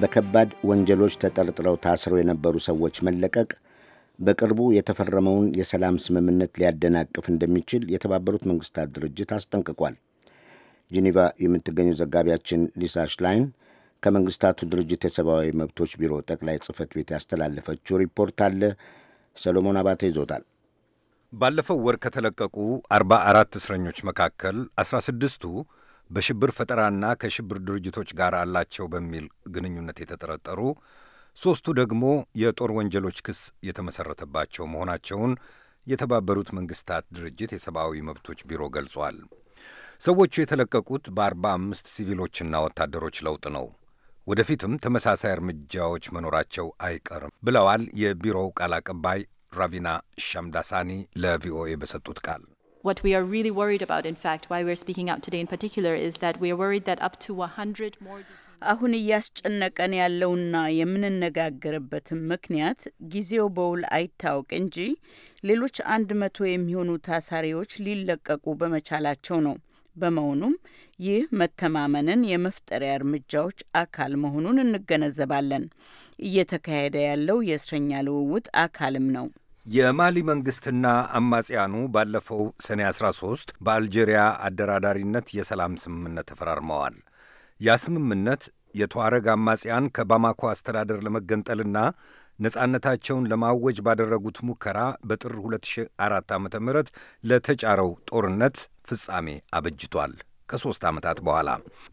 [SPEAKER 3] በከባድ ወንጀሎች ተጠርጥረው ታስረው የነበሩ ሰዎች መለቀቅ በቅርቡ የተፈረመውን የሰላም ስምምነት ሊያደናቅፍ እንደሚችል የተባበሩት መንግስታት ድርጅት አስጠንቅቋል። ጄኔቫ የምትገኘው ዘጋቢያችን ሊሳ ሽላይን ከመንግስታቱ ድርጅት የሰብአዊ መብቶች ቢሮ ጠቅላይ ጽህፈት ቤት ያስተላለፈችው ሪፖርት አለ። ሰሎሞን አባተ ይዞታል።
[SPEAKER 9] ባለፈው ወር ከተለቀቁ 44 እስረኞች መካከል 16ቱ በሽብር ፈጠራና ከሽብር ድርጅቶች ጋር አላቸው በሚል ግንኙነት የተጠረጠሩ ሦስቱ ደግሞ የጦር ወንጀሎች ክስ የተመሠረተባቸው መሆናቸውን የተባበሩት መንግሥታት ድርጅት የሰብአዊ መብቶች ቢሮ ገልጿል። ሰዎቹ የተለቀቁት በአርባ አምስት ሲቪሎችና ወታደሮች ለውጥ ነው። ወደፊትም ተመሳሳይ እርምጃዎች መኖራቸው አይቀርም ብለዋል የቢሮው ቃል አቀባይ ራቪና ሻምዳሳኒ ለቪኦኤ በሰጡት ቃል
[SPEAKER 2] What we are really worried about, in fact, why we're speaking out today in particular, is that we are worried that up to 100 more. አሁን እያስጨነቀን ያለውና የምንነጋገርበትም ምክንያት ጊዜው በውል አይታወቅ እንጂ ሌሎች አንድ መቶ የሚሆኑ ታሳሪዎች ሊለቀቁ በመቻላቸው ነው። በመሆኑም ይህ መተማመንን የመፍጠሪያ እርምጃዎች አካል መሆኑን እንገነዘባለን። እየተካሄደ ያለው የእስረኛ ልውውጥ አካልም ነው።
[SPEAKER 9] የማሊ መንግስትና አማጽያኑ ባለፈው ሰኔ 13 በአልጄሪያ አደራዳሪነት የሰላም ስምምነት ተፈራርመዋል። ያ ስምምነት የተዋረግ አማጽያን ከባማኮ አስተዳደር ለመገንጠልና ነጻነታቸውን ለማወጅ ባደረጉት ሙከራ በጥር 2004 ዓ ም ለተጫረው ጦርነት ፍጻሜ አበጅቷል። ከሦስት ዓመታት በኋላ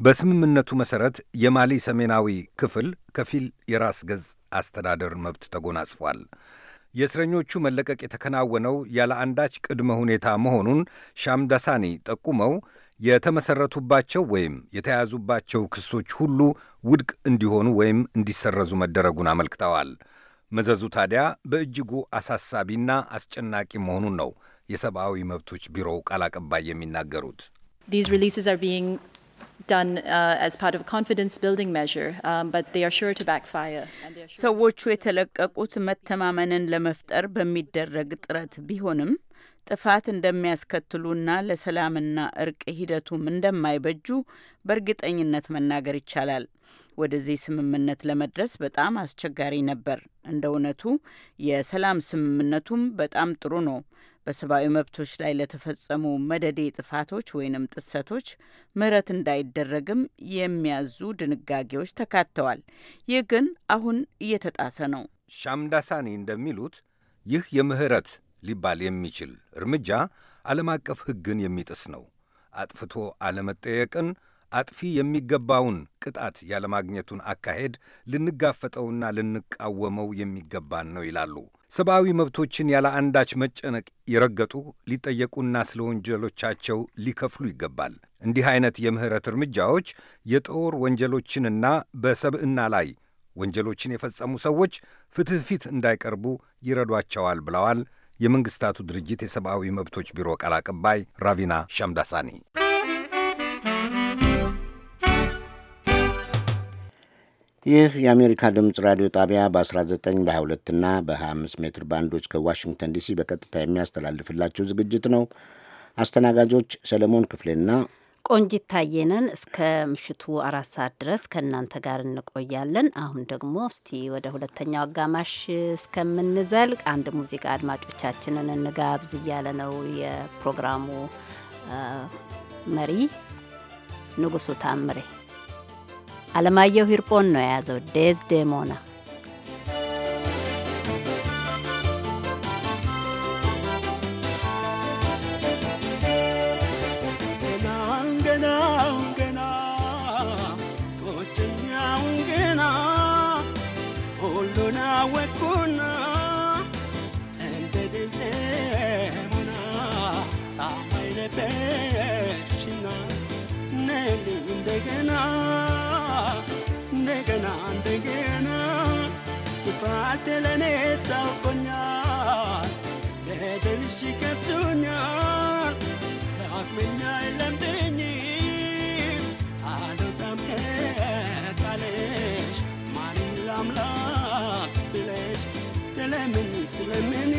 [SPEAKER 9] በስምምነቱ መሠረት የማሊ ሰሜናዊ ክፍል ከፊል የራስ ገዝ አስተዳደር መብት ተጎናጽፏል። የእስረኞቹ መለቀቅ የተከናወነው ያለ አንዳች ቅድመ ሁኔታ መሆኑን ሻምዳሳኒ ጠቁመው የተመሰረቱባቸው ወይም የተያዙባቸው ክሶች ሁሉ ውድቅ እንዲሆኑ ወይም እንዲሰረዙ መደረጉን አመልክተዋል። መዘዙ ታዲያ በእጅጉ አሳሳቢና አስጨናቂ መሆኑን ነው የሰብአዊ መብቶች ቢሮው ቃል አቀባይ የሚናገሩት።
[SPEAKER 2] done uh, as part of a confidence building measure, um, but they are sure to backfire. ሰዎቹ የተለቀቁት መተማመንን ለመፍጠር በሚደረግ ጥረት ቢሆንም ጥፋት እንደሚያስከትሉና ለሰላምና እርቅ ሂደቱም እንደማይበጁ በእርግጠኝነት መናገር ይቻላል። ወደዚህ ስምምነት ለመድረስ በጣም አስቸጋሪ ነበር። እንደ እውነቱ የሰላም ስምምነቱም በጣም ጥሩ ነው። በሰብአዊ መብቶች ላይ ለተፈጸሙ መደዴ ጥፋቶች ወይንም ጥሰቶች ምህረት እንዳይደረግም የሚያዙ ድንጋጌዎች ተካተዋል። ይህ ግን አሁን እየተጣሰ ነው። ሻምዳሳኒ እንደሚሉት
[SPEAKER 9] ይህ የምህረት ሊባል የሚችል እርምጃ ዓለም አቀፍ ሕግን የሚጥስ ነው። አጥፍቶ አለመጠየቅን፣ አጥፊ የሚገባውን ቅጣት ያለማግኘቱን አካሄድ ልንጋፈጠውና ልንቃወመው የሚገባን ነው ይላሉ። ሰብአዊ መብቶችን ያለ አንዳች መጨነቅ የረገጡ ሊጠየቁና ስለ ወንጀሎቻቸው ሊከፍሉ ይገባል። እንዲህ አይነት የምህረት እርምጃዎች የጦር ወንጀሎችንና በሰብዕና ላይ ወንጀሎችን የፈጸሙ ሰዎች ፍትሕ ፊት እንዳይቀርቡ ይረዷቸዋል ብለዋል የመንግሥታቱ ድርጅት የሰብአዊ መብቶች ቢሮ ቃል አቀባይ ራቪና ሻምዳሳኒ።
[SPEAKER 3] ይህ የአሜሪካ ድምፅ ራዲዮ ጣቢያ በ19 በ22 እና በ25 ሜትር ባንዶች ከዋሽንግተን ዲሲ በቀጥታ የሚያስተላልፍላችሁ ዝግጅት ነው። አስተናጋጆች ሰለሞን ክፍሌና
[SPEAKER 2] ቆንጂት ታየነን እስከ ምሽቱ አራት ሰዓት ድረስ ከእናንተ ጋር እንቆያለን። አሁን ደግሞ እስቲ ወደ ሁለተኛው አጋማሽ እስከምንዘልቅ አንድ ሙዚቃ አድማጮቻችንን እንጋብዝ እያለ ነው የፕሮግራሙ መሪ ንጉሱ ታምሬ አለማየሁ ሂርጶን ነው የያዘው። ዴዝ ዴሞና
[SPEAKER 10] Now እንደገና እንደገና ጥፋት ለእኔ ታውቆኛል በደልሽ ከብቶኛል ዳግመኛ አይለምደኝም አልወጣም ከቃልሽ ማንን ላምላክ ብለሽ ስለምን ስለምን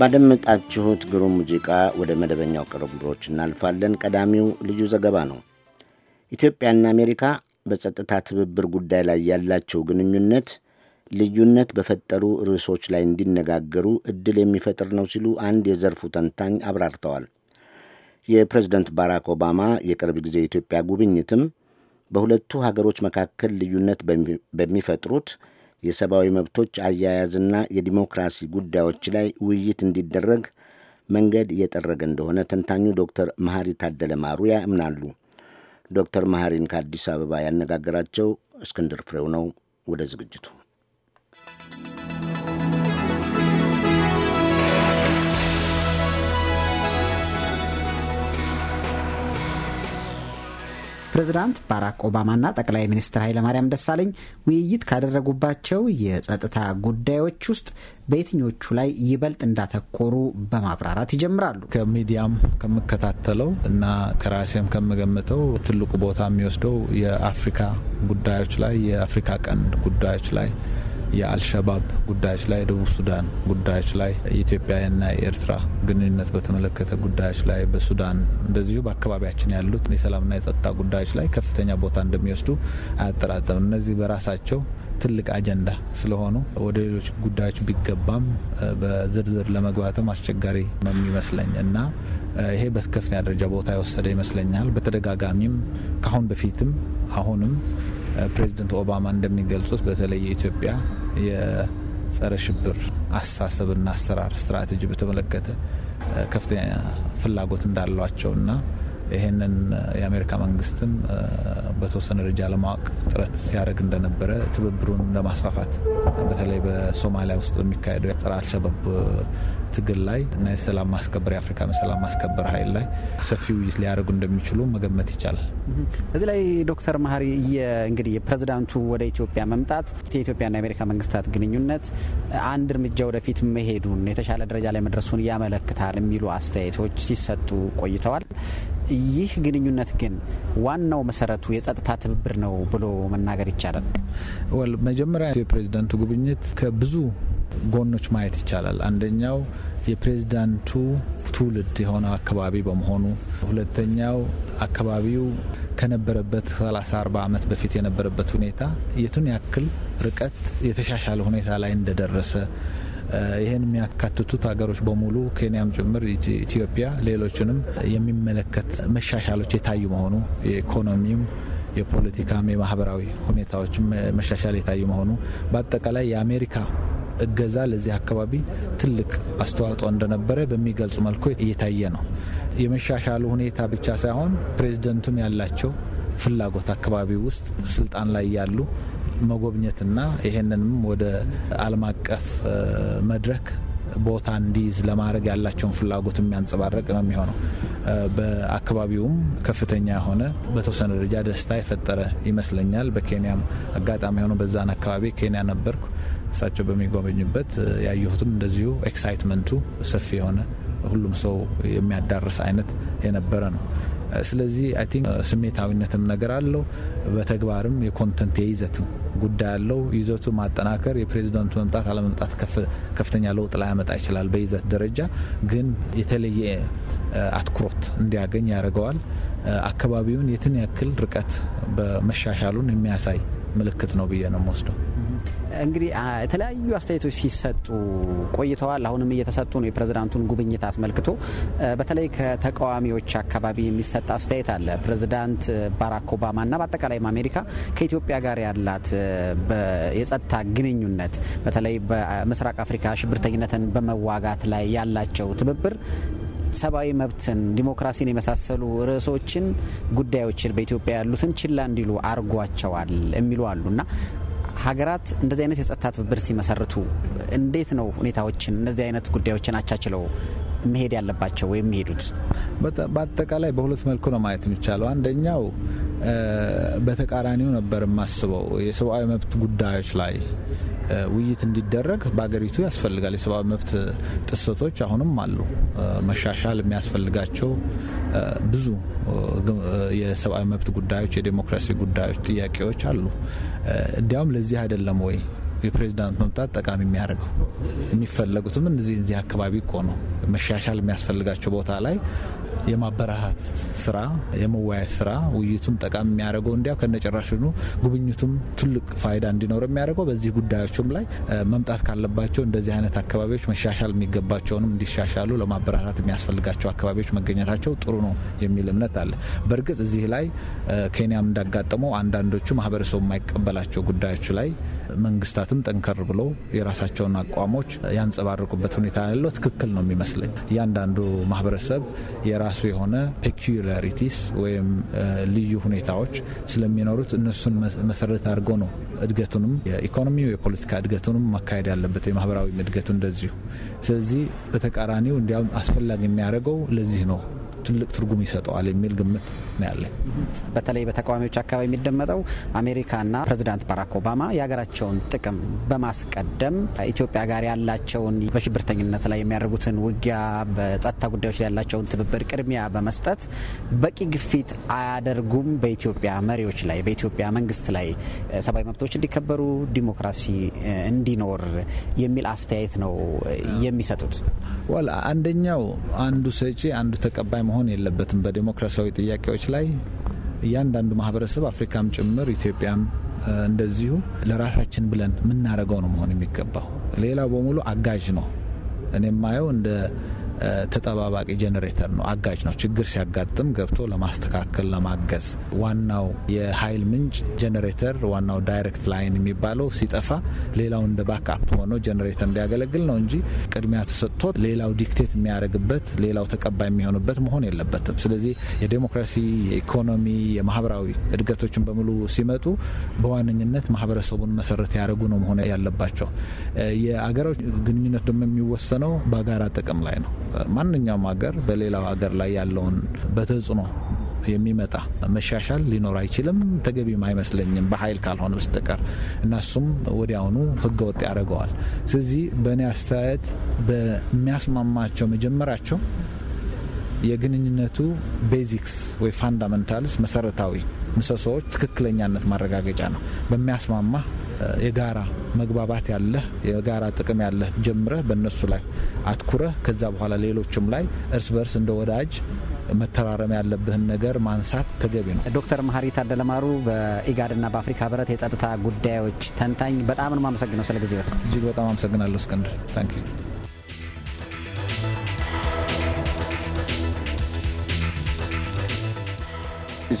[SPEAKER 3] ባደመጣችሁት ግሩም ሙዚቃ ወደ መደበኛው ቅርብሮች እናልፋለን። ቀዳሚው ልዩ ዘገባ ነው። ኢትዮጵያና አሜሪካ በጸጥታ ትብብር ጉዳይ ላይ ያላቸው ግንኙነት ልዩነት በፈጠሩ ርዕሶች ላይ እንዲነጋገሩ እድል የሚፈጥር ነው ሲሉ አንድ የዘርፉ ተንታኝ አብራርተዋል። የፕሬዝደንት ባራክ ኦባማ የቅርብ ጊዜ የኢትዮጵያ ጉብኝትም በሁለቱ ሀገሮች መካከል ልዩነት በሚፈጥሩት የሰብአዊ መብቶች አያያዝና የዲሞክራሲ ጉዳዮች ላይ ውይይት እንዲደረግ መንገድ እየጠረገ እንደሆነ ተንታኙ ዶክተር መሐሪ ታደለ ማሩ ያምናሉ። ዶክተር መሐሪን ከአዲስ አበባ ያነጋገራቸው እስክንድር ፍሬው ነው። ወደ ዝግጅቱ
[SPEAKER 11] ፕሬዝዳንት ባራክ ኦባማና ጠቅላይ ሚኒስትር ኃይለማርያም ደሳለኝ ውይይት ካደረጉባቸው የጸጥታ ጉዳዮች ውስጥ በየትኞቹ ላይ ይበልጥ እንዳተኮሩ በማብራራት ይጀምራሉ።
[SPEAKER 12] ከሚዲያም ከምከታተለው እና ከራሴም ከምገምተው ትልቁ ቦታ የሚወስደው የአፍሪካ ጉዳዮች ላይ የአፍሪካ ቀንድ ጉዳዮች ላይ የአልሸባብ ጉዳዮች ላይ፣ የደቡብ ሱዳን ጉዳዮች ላይ፣ የኢትዮጵያና የኤርትራ ግንኙነት በተመለከተ ጉዳዮች ላይ፣ በሱዳን እንደዚሁ በአካባቢያችን ያሉት የሰላምና የጸጥታ ጉዳዮች ላይ ከፍተኛ ቦታ እንደሚወስዱ አያጠራጥም። እነዚህ በራሳቸው ትልቅ አጀንዳ ስለሆኑ ወደ ሌሎች ጉዳዮች ቢገባም በዝርዝር ለመግባትም አስቸጋሪ ነው የሚመስለኝ እና ይሄ በከፍተኛ ደረጃ ቦታ የወሰደ ይመስለኛል። በተደጋጋሚም ከአሁን በፊትም አሁንም ፕሬዚደንት ኦባማ እንደሚገልጹት በተለይ የኢትዮጵያ የጸረ ሽብር አስተሳሰብና አሰራር ስትራቴጂ በተመለከተ ከፍተኛ ፍላጎት እንዳሏቸውና ይህንን የአሜሪካ መንግስትም በተወሰነ ደረጃ ለማወቅ ጥረት ሲያደርግ እንደነበረ ትብብሩን ለማስፋፋት በተለይ በሶማሊያ ውስጥ በሚካሄደው ጸረ አልሸባብ ትግል ላይ እና የሰላም ማስከበር የአፍሪካ ሰላም ማስከበር ኃይል ላይ ሰፊ ውይይት ሊያደርጉ እንደሚችሉ መገመት ይቻላል።
[SPEAKER 11] እዚህ ላይ ዶክተር መሀሪ እንግዲህ የፕሬዚዳንቱ ወደ ኢትዮጵያ መምጣት የኢትዮጵያና የአሜሪካ መንግስታት ግንኙነት አንድ እርምጃ ወደፊት መሄዱን የተሻለ ደረጃ ላይ መድረሱን ያመለክታል የሚሉ አስተያየቶች ሲሰጡ ቆይተዋል። ይህ ግንኙነት ግን ዋናው መሰረቱ የጸጥታ
[SPEAKER 12] ትብብር ነው ብሎ መናገር ይቻላል። ወል መጀመሪያ የፕሬዚዳንቱ ጉብኝት ከብዙ ጎኖች ማየት ይቻላል። አንደኛው የፕሬዚዳንቱ ትውልድ የሆነ አካባቢ በመሆኑ፣ ሁለተኛው አካባቢው ከነበረበት 30 40 ዓመት በፊት የነበረበት ሁኔታ የቱን ያክል ርቀት የተሻሻለ ሁኔታ ላይ እንደደረሰ ይህን የሚያካትቱት ሀገሮች በሙሉ ኬንያም ጭምር ኢትዮጵያ፣ ሌሎችንም የሚመለከት መሻሻሎች የታዩ መሆኑ የኢኮኖሚም የፖለቲካም የማህበራዊ ሁኔታዎችም መሻሻል የታዩ መሆኑ በአጠቃላይ የአሜሪካ እገዛ ለዚህ አካባቢ ትልቅ አስተዋጽኦ እንደነበረ በሚገልጹ መልኩ እየታየ ነው። የመሻሻሉ ሁኔታ ብቻ ሳይሆን ፕሬዚደንቱም ያላቸው ፍላጎት አካባቢ ውስጥ ስልጣን ላይ ያሉ መጎብኘትና ይህንንም ወደ ዓለም አቀፍ መድረክ ቦታ እንዲይዝ ለማድረግ ያላቸውን ፍላጎት የሚያንጸባረቅ ነው የሚሆነው። በአካባቢውም ከፍተኛ የሆነ በተወሰነ ደረጃ ደስታ የፈጠረ ይመስለኛል። በኬንያም አጋጣሚ የሆነ በዛን አካባቢ ኬንያ ነበርኩ። እሳቸው በሚጎበኙበት ያየሁትም እንደዚሁ ኤክሳይትመንቱ ሰፊ የሆነ ሁሉም ሰው የሚያዳርስ አይነት የነበረ ነው። ስለዚህ አይ ቲንክ ስሜታዊነትም ነገር አለው። በተግባርም የኮንተንት የይዘት ጉዳይ አለው። ይዘቱ ማጠናከር የፕሬዚደንቱ መምጣት አለመምጣት ከፍተኛ ለውጥ ላያመጣ ይችላል። በይዘት ደረጃ ግን የተለየ አትኩሮት እንዲያገኝ ያደርገዋል። አካባቢውን የትን ያክል ርቀት በመሻሻሉን የሚያሳይ ምልክት ነው ብዬ ነው የምወስደው።
[SPEAKER 11] እንግዲህ የተለያዩ አስተያየቶች ሲሰጡ ቆይተዋል። አሁንም እየተሰጡ ነው። የፕሬዝዳንቱን ጉብኝት አስመልክቶ በተለይ ከተቃዋሚዎች አካባቢ የሚሰጥ አስተያየት አለ። ፕሬዝዳንት ባራክ ኦባማና በአጠቃላይም አሜሪካ ከኢትዮጵያ ጋር ያላት የጸጥታ ግንኙነት በተለይ በምስራቅ አፍሪካ ሽብርተኝነትን በመዋጋት ላይ ያላቸው ትብብር ሰብአዊ መብትን፣ ዲሞክራሲን የመሳሰሉ ርዕሶችን ጉዳዮችን በኢትዮጵያ ያሉትን ችላ እንዲሉ አርጓቸዋል የሚሉ አሉና ሀገራት እንደዚህ አይነት የጸጥታ ትብብር ሲመሰርቱ እንዴት ነው ሁኔታዎችን እነዚህ አይነት ጉዳዮችን አቻችለው መሄድ ያለባቸው ወይም
[SPEAKER 12] የሚሄዱት? በአጠቃላይ በሁለት መልኩ ነው ማየት የሚቻለው። አንደኛው በተቃራኒው ነበር የማስበው። የሰብአዊ መብት ጉዳዮች ላይ ውይይት እንዲደረግ በሀገሪቱ ያስፈልጋል። የሰብአዊ መብት ጥሰቶች አሁንም አሉ። መሻሻል የሚያስፈልጋቸው ብዙ የሰብአዊ መብት ጉዳዮች፣ የዴሞክራሲ ጉዳዮች፣ ጥያቄዎች አሉ። እንዲያውም ለዚህ አይደለም ወይ የፕሬዚዳንት መምጣት ጠቃሚ የሚያደርገው የሚፈለጉትም እነዚህ እዚህ አካባቢ እኮ ነው መሻሻል የሚያስፈልጋቸው ቦታ ላይ የማበረሃት ስራ፣ የመወያየት ስራ ውይይቱም ጠቃሚ የሚያደርገው እንዲያ ከነጭራሽኑ ጉብኝቱም ትልቅ ፋይዳ እንዲኖር የሚያደርገው በዚህ ጉዳዮችም ላይ መምጣት ካለባቸው እንደዚህ አይነት አካባቢዎች መሻሻል የሚገባቸውንም እንዲሻሻሉ ለማበረታት የሚያስፈልጋቸው አካባቢዎች መገኘታቸው ጥሩ ነው የሚል እምነት አለ። በእርግጥ እዚህ ላይ ኬንያም እንዳጋጠመው አንዳንዶቹ ማህበረሰቡ የማይቀበላቸው ጉዳዮች ላይ መንግስታትም ጠንከር ብሎ የራሳቸውን አቋሞች ያንጸባርቁበት ሁኔታ ያለው ትክክል ነው የሚመስለኝ። እያንዳንዱ ማህበረሰብ የራሱ የሆነ ፔኪላሪቲስ ወይም ልዩ ሁኔታዎች ስለሚኖሩት እነሱን መሰረት አድርጎ ነው እድገቱንም የኢኮኖሚ የፖለቲካ እድገቱንም ማካሄድ ያለበት የማህበራዊ እድገቱ እንደዚሁ። ስለዚህ በተቃራኒው እንዲያውም አስፈላጊ የሚያደርገው ለዚህ ነው። ትልቅ ትርጉም ይሰጠዋል የሚል ግምት ነው ያለኝ። በተለይ በተቃዋሚዎች አካባቢ
[SPEAKER 11] የሚደመጠው አሜሪካና ፕሬዚዳንት ባራክ ኦባማ የሀገራቸውን ጥቅም በማስቀደም ኢትዮጵያ ጋር ያላቸውን በሽብርተኝነት ላይ የሚያደርጉትን ውጊያ፣ በጸጥታ ጉዳዮች ላይ ያላቸውን ትብብር ቅድሚያ በመስጠት በቂ ግፊት አያደርጉም በኢትዮጵያ መሪዎች ላይ በኢትዮጵያ መንግስት ላይ ሰብአዊ መብቶች እንዲከበሩ ዲሞክራሲ እንዲኖር
[SPEAKER 12] የሚል አስተያየት ነው የሚሰጡት። አንደኛው አንዱ ሰጪ አንዱ ተቀባይ መሆን የለበትም። በዴሞክራሲያዊ ጥያቄዎች ላይ እያንዳንዱ ማህበረሰብ አፍሪካም ጭምር ኢትዮጵያም እንደዚሁ ለራሳችን ብለን የምናደርገው ነው መሆን የሚገባው። ሌላው በሙሉ አጋዥ ነው። እኔ የማየው እንደ ተጠባባቂ ጀኔሬተር ነው፣ አጋጭ ነው። ችግር ሲያጋጥም ገብቶ ለማስተካከል ለማገዝ። ዋናው የኃይል ምንጭ ጀኔሬተር፣ ዋናው ዳይሬክት ላይን የሚባለው ሲጠፋ ሌላው እንደ ባክአፕ ሆኖ ጀኔሬተር እንዲያገለግል ነው እንጂ ቅድሚያ ተሰጥቶ ሌላው ዲክቴት የሚያደርግበት ሌላው ተቀባይ የሚሆንበት መሆን የለበትም። ስለዚህ የዴሞክራሲ የኢኮኖሚ፣ የማህበራዊ እድገቶችን በሙሉ ሲመጡ በዋነኝነት ማህበረሰቡን መሰረት ያደረጉ ነው መሆን ያለባቸው። የአገሮች ግንኙነት ደግሞ የሚወሰነው በጋራ ጥቅም ላይ ነው። ማንኛውም ሀገር በሌላው ሀገር ላይ ያለውን በተጽዕኖ የሚመጣ መሻሻል ሊኖር አይችልም፣ ተገቢም አይመስለኝም በኃይል ካልሆነ በስተቀር እና እሱም ወዲያውኑ ህገወጥ ያደርገዋል። ስለዚህ በእኔ አስተያየት በሚያስማማቸው መጀመራቸው የግንኙነቱ ቤዚክስ ወይ ፋንዳመንታልስ መሰረታዊ ምሰሶዎች ትክክለኛነት ማረጋገጫ ነው። በሚያስማማ የጋራ መግባባት ያለህ የጋራ ጥቅም ያለህ ጀምረህ በእነሱ ላይ አትኩረህ ከዛ በኋላ ሌሎችም ላይ እርስ በርስ እንደ ወዳጅ መተራረም ያለብህን ነገር ማንሳት ተገቢ ነው። ዶክተር መሀሪ ታደለ
[SPEAKER 11] በኢጋድና በአፍሪካ ህብረት የጸጥታ ጉዳዮች ተንታኝ፣ በጣም ነው የማመሰግነው ስለ ጊዜ። እጅግ በጣም
[SPEAKER 3] አመሰግናለሁ እስክንድር ታንኪዩ።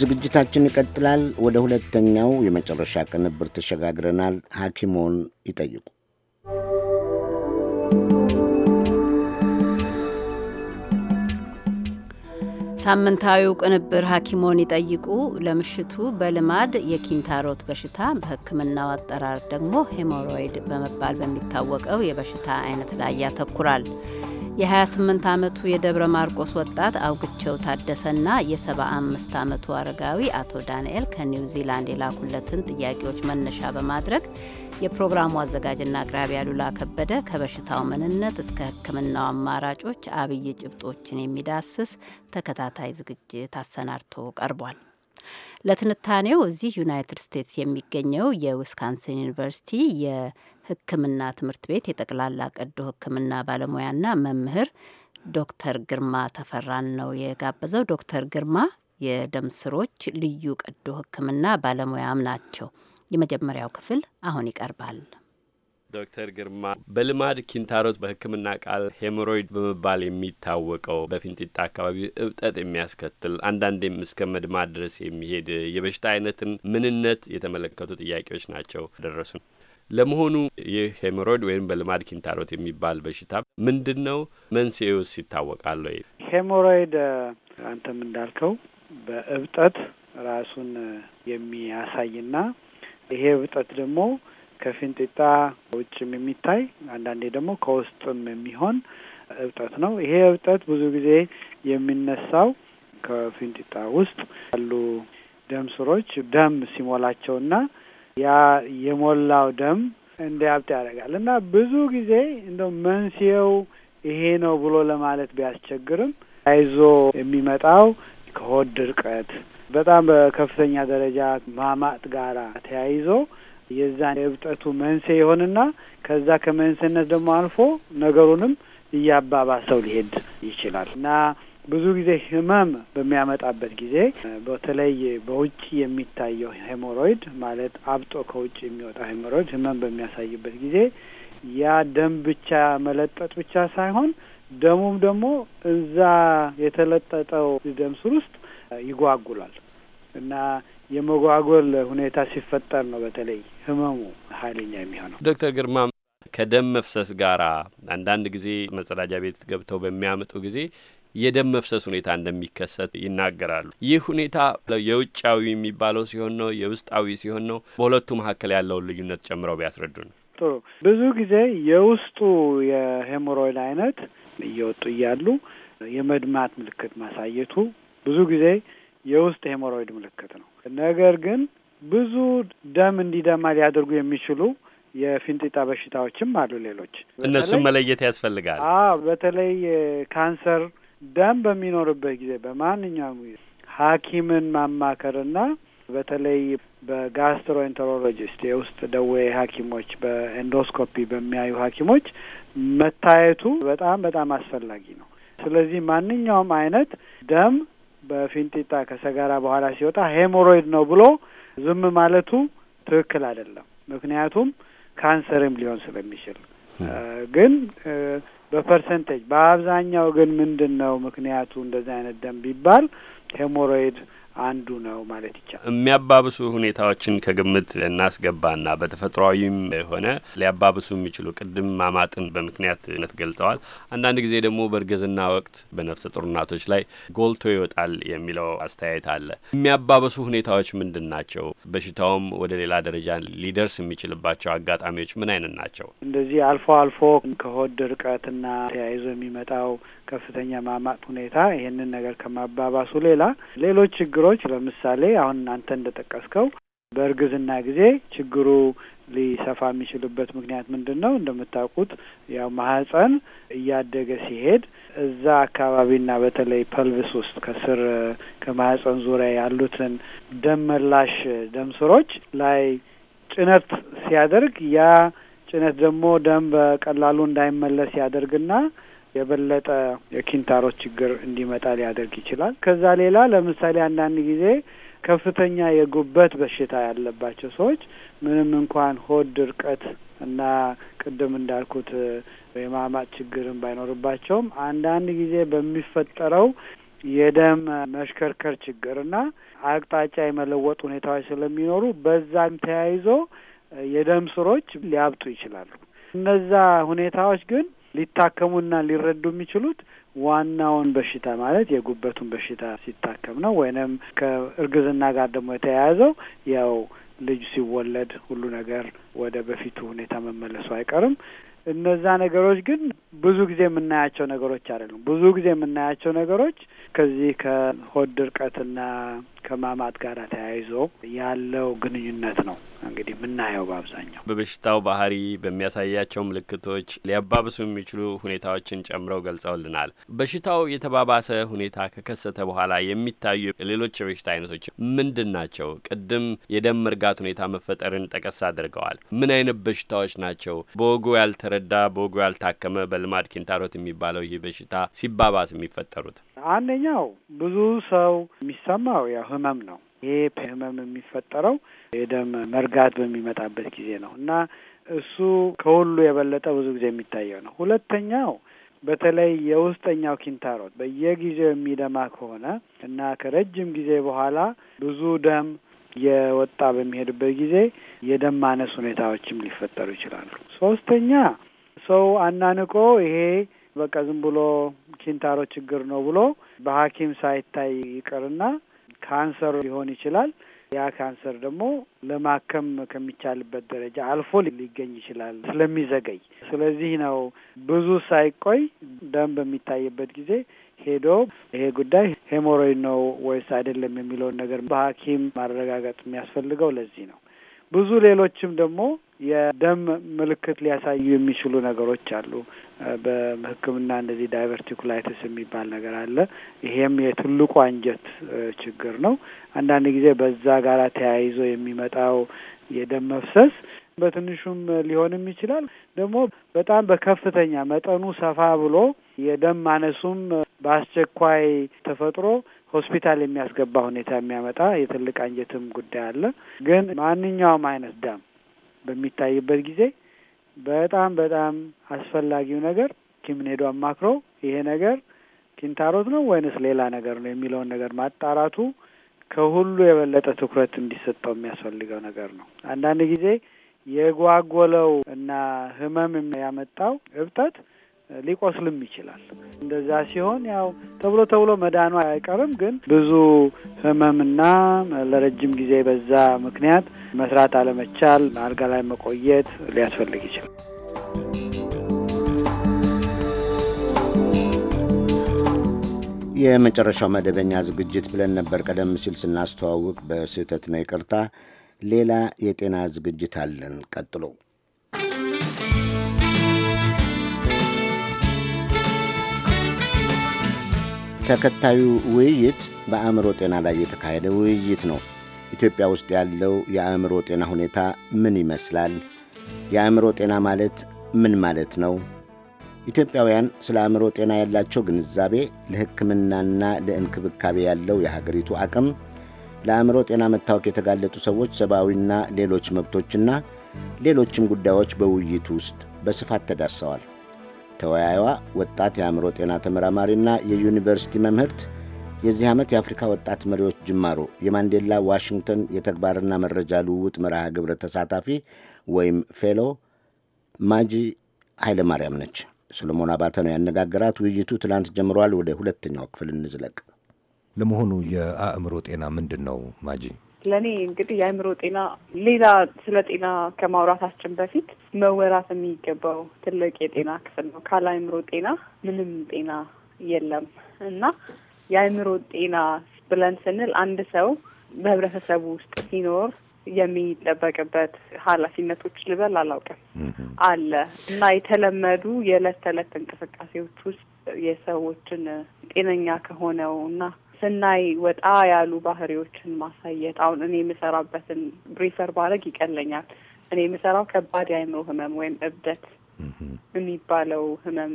[SPEAKER 3] ዝግጅታችን ይቀጥላል። ወደ ሁለተኛው የመጨረሻ ቅንብር ተሸጋግረናል። ሐኪሞን ይጠይቁ
[SPEAKER 2] ሳምንታዊው ቅንብር ሐኪሞን ይጠይቁ ለምሽቱ በልማድ የኪንታሮት በሽታ በሕክምናው አጠራር ደግሞ ሄሞሮይድ በመባል በሚታወቀው የበሽታ አይነት ላይ ያተኩራል። የ28 ዓመቱ የደብረ ማርቆስ ወጣት አውግቸው ታደሰና የ75 ዓመቱ አረጋዊ አቶ ዳንኤል ከኒው ዚላንድ የላኩለትን ጥያቄዎች መነሻ በማድረግ የፕሮግራሙ አዘጋጅና አቅራቢ አሉላ ከበደ ከበሽታው ምንነት እስከ ሕክምናው አማራጮች አብይ ጭብጦችን የሚዳስስ ተከታታይ ዝግጅት አሰናድቶ ቀርቧል። ለትንታኔው እዚህ ዩናይትድ ስቴትስ የሚገኘው የዊስካንሲን ዩኒቨርሲቲ ሕክምና ትምህርት ቤት የጠቅላላ ቀዶ ሕክምና ባለሙያና መምህር ዶክተር ግርማ ተፈራን ነው የጋበዘው። ዶክተር ግርማ የደም ስሮች ልዩ ቀዶ ሕክምና ባለሙያም ናቸው። የመጀመሪያው ክፍል አሁን ይቀርባል።
[SPEAKER 5] ዶክተር ግርማ በልማድ ኪንታሮት በህክምና ቃል ሄሞሮይድ በመባል የሚታወቀው በፊንጢጣ አካባቢ እብጠት የሚያስከትል አንዳንዴም እስከ መድማ ድረስ የሚሄድ የበሽታ አይነትን ምንነት የተመለከቱ ጥያቄዎች ናቸው ደረሱን። ለመሆኑ ይህ ሄሞሮይድ ወይም በልማድ ኪንታሮት የሚባል በሽታ ምንድን ነው? መንስኤውስ ይታወቃል ወይ?
[SPEAKER 6] ሄሞሮይድ አንተም እንዳልከው በእብጠት ራሱን የሚያሳይና ይሄ እብጠት ደግሞ ከፊንጢጣ ውጭም የሚታይ አንዳንዴ ደግሞ ከውስጥም የሚሆን እብጠት ነው። ይሄ እብጠት ብዙ ጊዜ የሚነሳው ከፊንጢጣ ውስጥ ያሉ ደም ስሮች ደም ሲሞላቸውና ያ የሞላው ደም እንዲያብጥ ያደርጋል እና ብዙ ጊዜ እንደው መንስኤው ይሄ ነው ብሎ ለማለት ቢያስቸግርም አይዞ የሚመጣው ከሆድ ድርቀት በጣም በከፍተኛ ደረጃ ማማጥ ጋራ ተያይዞ የዛን የእብጠቱ መንስኤ ይሆንና ከዛ ከመንስኤነት ደግሞ አልፎ ነገሩንም እያባባሰው ሊሄድ ይችላል እና ብዙ ጊዜ ህመም በሚያመጣበት ጊዜ በተለይ በውጭ የሚታየው ሄሞሮይድ ማለት አብጦ ከውጭ የሚወጣ ሄሞሮይድ ህመም በሚያሳይበት ጊዜ ያ ደም ብቻ መለጠጥ ብቻ ሳይሆን ደሙም ደግሞ እዛ የተለጠጠው ደም ስር ውስጥ ይጓጉላል እና የመጓጎል ሁኔታ ሲፈጠር ነው በተለይ ህመሙ ኃይለኛ የሚሆነው።
[SPEAKER 5] ዶክተር ግርማ ከደም መፍሰስ ጋር አንዳንድ ጊዜ መጸዳጃ ቤት ገብተው በሚያመጡ ጊዜ የደም መፍሰስ ሁኔታ እንደሚከሰት ይናገራሉ። ይህ ሁኔታ የውጫዊ የሚባለው ሲሆን ነው የውስጣዊ ሲሆን ነው? በሁለቱ መካከል ያለውን ልዩነት ጨምረው ቢያስረዱ ነው።
[SPEAKER 6] ጥሩ። ብዙ ጊዜ የውስጡ የሄሞሮይድ አይነት እየወጡ እያሉ የመድማት ምልክት ማሳየቱ ብዙ ጊዜ የውስጥ ሄሞሮይድ ምልክት ነው። ነገር ግን ብዙ ደም እንዲደማ ሊያደርጉ የሚችሉ የፊንጢጣ በሽታዎችም አሉ። ሌሎች
[SPEAKER 5] እነሱም መለየት ያስፈልጋል።
[SPEAKER 6] አዎ በተለይ ካንሰር ደም በሚኖርበት ጊዜ በማንኛውም ጊዜ ሐኪምን ማማከርና በተለይ በጋስትሮኢንተሮሎጂስት የውስጥ ደዌ ሐኪሞች በኤንዶስኮፒ በሚያዩ ሐኪሞች መታየቱ በጣም በጣም አስፈላጊ ነው። ስለዚህ ማንኛውም አይነት ደም በፊንጢጣ ከሰጋራ በኋላ ሲወጣ ሄሞሮይድ ነው ብሎ ዝም ማለቱ ትክክል አይደለም። ምክንያቱም ካንሰርም ሊሆን ስለሚችል ግን በፐርሰንቴጅ። በአብዛኛው ግን ምንድን ነው ምክንያቱ እንደዚህ አይነት ደም ቢባል ሄሞሮይድ አንዱ ነው ማለት
[SPEAKER 5] ይቻላል። የሚያባብሱ ሁኔታዎችን ከግምት እናስገባና በተፈጥሯዊም የሆነ ሊያባብሱ የሚችሉ ቅድም ማማጥን በምክንያትነት ገልጸዋል። አንዳንድ ጊዜ ደግሞ በእርግዝና ወቅት በነፍሰ ጡር እናቶች ላይ ጎልቶ ይወጣል የሚለው አስተያየት አለ። የሚያባብሱ ሁኔታዎች ምንድን ናቸው? በሽታውም ወደ ሌላ ደረጃ ሊደርስ የሚችልባቸው አጋጣሚዎች ምን አይነት ናቸው?
[SPEAKER 6] እንደዚህ አልፎ አልፎ ከሆድ ድርቀትና ተያይዞ የሚመጣው ከፍተኛ ማማጥ ሁኔታ ይህንን ነገር ከማባባሱ ሌላ ሌሎች ችግሮች ለምሳሌ አሁን እናንተ እንደጠቀስከው በእርግዝና ጊዜ ችግሩ ሊሰፋ የሚችልበት ምክንያት ምንድን ነው? እንደምታውቁት ያው ማህፀን እያደገ ሲሄድ እዛ አካባቢና በተለይ ፐልቪስ ውስጥ ከስር ከማህፀን ዙሪያ ያሉትን ደም መላሽ ደም ስሮች ላይ ጭነት ሲያደርግ ያ ጭነት ደግሞ ደም በቀላሉ እንዳይመለስ ያደርግና የበለጠ የኪንታሮ ችግር እንዲመጣ ሊያደርግ ይችላል። ከዛ ሌላ ለምሳሌ አንዳንድ ጊዜ ከፍተኛ የጉበት በሽታ ያለባቸው ሰዎች ምንም እንኳን ሆድ ድርቀት እና ቅድም እንዳልኩት የማማጥ ችግርን ባይኖርባቸውም አንዳንድ ጊዜ በሚፈጠረው የደም መሽከርከር ችግርና አቅጣጫ የመለወጥ ሁኔታዎች ስለሚኖሩ በዛም ተያይዞ የደም ስሮች ሊያብጡ ይችላሉ። እነዛ ሁኔታዎች ግን ሊታከሙና ሊረዱ የሚችሉት ዋናውን በሽታ ማለት የጉበቱን በሽታ ሲታከም ነው። ወይንም ከእርግዝና ጋር ደግሞ የተያያዘው ያው ልጅ ሲወለድ ሁሉ ነገር ወደ በፊቱ ሁኔታ መመለሱ አይቀርም። እነዛ ነገሮች ግን ብዙ ጊዜ የምናያቸው ነገሮች አይደሉም። ብዙ ጊዜ የምናያቸው ነገሮች ከዚህ ከሆድ ድርቀትና ከማማት ጋር ተያይዞ ያለው ግንኙነት ነው እንግዲህ የምናየው በአብዛኛው
[SPEAKER 5] በበሽታው ባህሪ በሚያሳያቸው ምልክቶች ሊያባብሱ የሚችሉ ሁኔታዎችን ጨምረው ገልጸውልናል። በሽታው የተባባሰ ሁኔታ ከከሰተ በኋላ የሚታዩ ሌሎች የበሽታ አይነቶች ምንድን ናቸው? ቅድም የደም መርጋት ሁኔታ መፈጠርን ጠቀስ አድርገዋል። ምን አይነት በሽታዎች ናቸው? በወጉ ያልተረዳ በወጉ ያልታከመ በልማድ ኪንታሮት የሚባለው ይህ በሽታ ሲባባስ የሚፈጠሩት
[SPEAKER 6] አንደኛው ብዙ ሰው የሚሰማው ያው ህመም ነው። ይሄ ህመም የሚፈጠረው የደም መርጋት በሚመጣበት ጊዜ ነው እና እሱ ከሁሉ የበለጠ ብዙ ጊዜ የሚታየው ነው። ሁለተኛው በተለይ የውስጠኛው ኪንታሮት በየጊዜው የሚደማ ከሆነ እና ከረጅም ጊዜ በኋላ ብዙ ደም የወጣ በሚሄድበት ጊዜ የደም ማነስ ሁኔታዎችም ሊፈጠሩ ይችላሉ። ሶስተኛ ሰው አናንቆ ይሄ በቃ ዝም ብሎ ኪንታሮ ችግር ነው ብሎ በሐኪም ሳይታይ ይቅርና ካንሰር ሊሆን ይችላል። ያ ካንሰር ደግሞ ለማከም ከሚቻልበት ደረጃ አልፎ ሊገኝ ይችላል ስለሚዘገይ። ስለዚህ ነው ብዙ ሳይቆይ ደም በሚታይበት ጊዜ ሄዶ ይሄ ጉዳይ ሄሞሮይ ነው ወይስ አይደለም የሚለውን ነገር በሐኪም ማረጋገጥ የሚያስፈልገው ለዚህ ነው። ብዙ ሌሎችም ደግሞ የደም ምልክት ሊያሳዩ የሚችሉ ነገሮች አሉ። በሕክምና እንደዚህ ዳይቨርቲኩላይትስ የሚባል ነገር አለ። ይሄም የትልቁ አንጀት ችግር ነው። አንዳንድ ጊዜ በዛ ጋራ ተያይዞ የሚመጣው የደም መፍሰስ በትንሹም ሊሆንም ይችላል። ደግሞ በጣም በከፍተኛ መጠኑ ሰፋ ብሎ የደም ማነሱም በአስቸኳይ ተፈጥሮ ሆስፒታል የሚያስገባ ሁኔታ የሚያመጣ የትልቅ አንጀትም ጉዳይ አለ። ግን ማንኛውም አይነት ደም በሚታይበት ጊዜ በጣም በጣም አስፈላጊው ነገር ኪምን ሄዶ አማክሮ ይሄ ነገር ኪንታሮት ነው ወይንስ ሌላ ነገር ነው የሚለውን ነገር ማጣራቱ ከሁሉ የበለጠ ትኩረት እንዲሰጠው የሚያስፈልገው ነገር ነው። አንዳንድ ጊዜ የጓጎለው እና ህመም ያመጣው እብጠት ሊቆስልም ይችላል። እንደዛ ሲሆን ያው ተብሎ ተብሎ መዳኑ አይቀርም፣ ግን ብዙ ህመምና ለረጅም ጊዜ በዛ ምክንያት መስራት አለመቻል፣ አልጋ ላይ መቆየት ሊያስፈልግ ይችላል።
[SPEAKER 3] የመጨረሻው መደበኛ ዝግጅት ብለን ነበር ቀደም ሲል ስናስተዋውቅ፣ በስህተት ነው ይቅርታ። ሌላ የጤና ዝግጅት አለን ቀጥሎ ተከታዩ ውይይት በአእምሮ ጤና ላይ የተካሄደ ውይይት ነው። ኢትዮጵያ ውስጥ ያለው የአእምሮ ጤና ሁኔታ ምን ይመስላል? የአእምሮ ጤና ማለት ምን ማለት ነው? ኢትዮጵያውያን ስለ አእምሮ ጤና ያላቸው ግንዛቤ፣ ለሕክምናና ለእንክብካቤ ያለው የሀገሪቱ አቅም፣ ለአእምሮ ጤና መታወክ የተጋለጡ ሰዎች ሰብአዊና ሌሎች መብቶችና ሌሎችም ጉዳዮች በውይይቱ ውስጥ በስፋት ተዳሰዋል። ተወያይዋ ወጣት የአእምሮ ጤና ተመራማሪና የዩኒቨርሲቲ መምህርት የዚህ ዓመት የአፍሪካ ወጣት መሪዎች ጅማሮ የማንዴላ ዋሽንግተን የተግባርና መረጃ ልውውጥ መርሃ ግብረ ተሳታፊ ወይም ፌሎ ማጂ ኃይለማርያም ነች። ሰሎሞን አባተ ነው ያነጋገራት። ውይይቱ ትናንት ጀምሯል። ወደ ሁለተኛው ክፍል እንዝለቅ። ለመሆኑ የአእምሮ ጤና ምንድን ነው ማጂ?
[SPEAKER 13] ለእኔ እንግዲህ የአእምሮ ጤና ሌላ ስለ ጤና ከማውራታችን በፊት መወራት የሚገባው ትልቅ የጤና ክፍል ነው። ካለ አእምሮ ጤና ምንም ጤና የለም እና የአእምሮ ጤና ብለን ስንል አንድ ሰው በህብረተሰቡ ውስጥ ሲኖር የሚጠበቅበት ኃላፊነቶች ልበል አላውቅም አለ እና የተለመዱ የዕለት ተዕለት እንቅስቃሴዎች ውስጥ የሰዎችን ጤነኛ ከሆነው እና ስናይ ወጣ ያሉ ባህሪዎችን ማሳየት አሁን እኔ የምሰራበትን ብሪፈር ባረግ ይቀለኛል። እኔ የምሰራው ከባድ የአእምሮ ህመም ወይም እብደት የሚባለው ህመም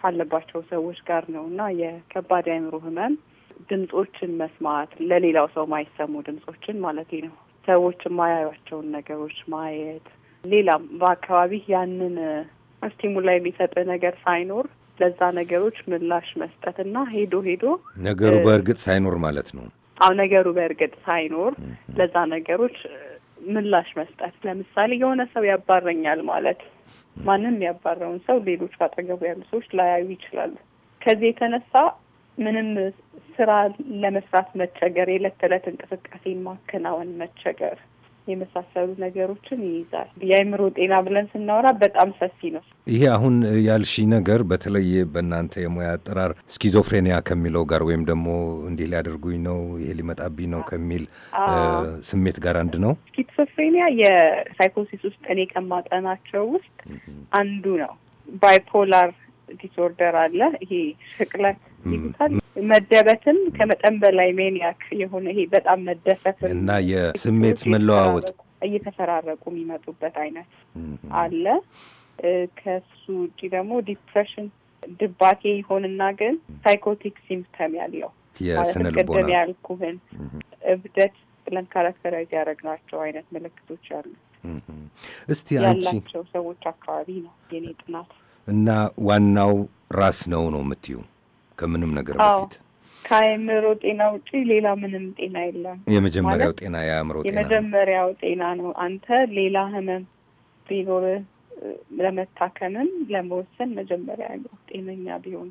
[SPEAKER 13] ካለባቸው ሰዎች ጋር ነው እና የከባድ የአእምሮ ህመም ድምጾችን መስማት ለሌላው ሰው ማይሰሙ ድምጾችን ማለት ነው። ሰዎች የማያዩቸውን ነገሮች ማየት፣ ሌላም በአካባቢህ ያንን ስቲሙላ የሚሰጥ ነገር ሳይኖር ለዛ ነገሮች ምላሽ መስጠት እና ሄዶ ሄዶ
[SPEAKER 9] ነገሩ በእርግጥ ሳይኖር ማለት ነው።
[SPEAKER 13] አዎ ነገሩ በእርግጥ ሳይኖር ለዛ ነገሮች ምላሽ መስጠት። ለምሳሌ የሆነ ሰው ያባረኛል ማለት ማንም ያባረውን ሰው ሌሎች አጠገቡ ያሉ ሰዎች ላያዩ ይችላሉ። ከዚህ የተነሳ ምንም ስራ ለመስራት መቸገር፣ የዕለት ተዕለት እንቅስቃሴ ማከናወን መቸገር የመሳሰሉ ነገሮችን ይይዛል። የአእምሮ ጤና ብለን ስናወራ በጣም ሰፊ ነው።
[SPEAKER 9] ይሄ አሁን ያልሺ ነገር በተለይ በእናንተ የሙያ አጠራር ስኪዞፍሬኒያ ከሚለው ጋር ወይም ደግሞ እንዲህ ሊያደርጉኝ ነው ይሄ ሊመጣብኝ ነው ከሚል ስሜት ጋር አንድ ነው።
[SPEAKER 13] ስኪዞፍሬኒያ የሳይኮሲስ ውስጥ እኔ ከማጠናቸው ውስጥ አንዱ ነው። ባይፖላር ዲስኦርደር አለ። ይሄ ሽቅላት ይሉታል። መደበትም ከመጠን በላይ ሜኒያክ የሆነ ይሄ በጣም መደፈት እና
[SPEAKER 9] የስሜት መለዋወጥ
[SPEAKER 13] እየተፈራረቁ የሚመጡበት አይነት አለ። ከሱ ውጭ ደግሞ ዲፕሬሽን ድባቴ ይሆንና ግን ሳይኮቲክ ሲምፕተም ያለው
[SPEAKER 9] ማለትም ቅድም
[SPEAKER 13] ያልኩህን እብደት ብለን ካራክተራይዝ ያደረግናቸው አይነት ምልክቶች አሉ።
[SPEAKER 9] እስቲ ያላቸው
[SPEAKER 13] ሰዎች አካባቢ ነው የኔ ጥናት
[SPEAKER 9] እና ዋናው ራስ ነው ነው የምትዩ ከምንም ነገር በፊት
[SPEAKER 13] ከአእምሮ ጤና ውጪ ሌላ ምንም ጤና የለም።
[SPEAKER 9] የመጀመሪያው ጤና የአእምሮ ጤና የመጀመሪያው
[SPEAKER 13] ጤና ነው። አንተ ሌላ ህመም ቢኖር ለመታከምም ለመወሰን መጀመሪያ ጤነኛ ቢሆን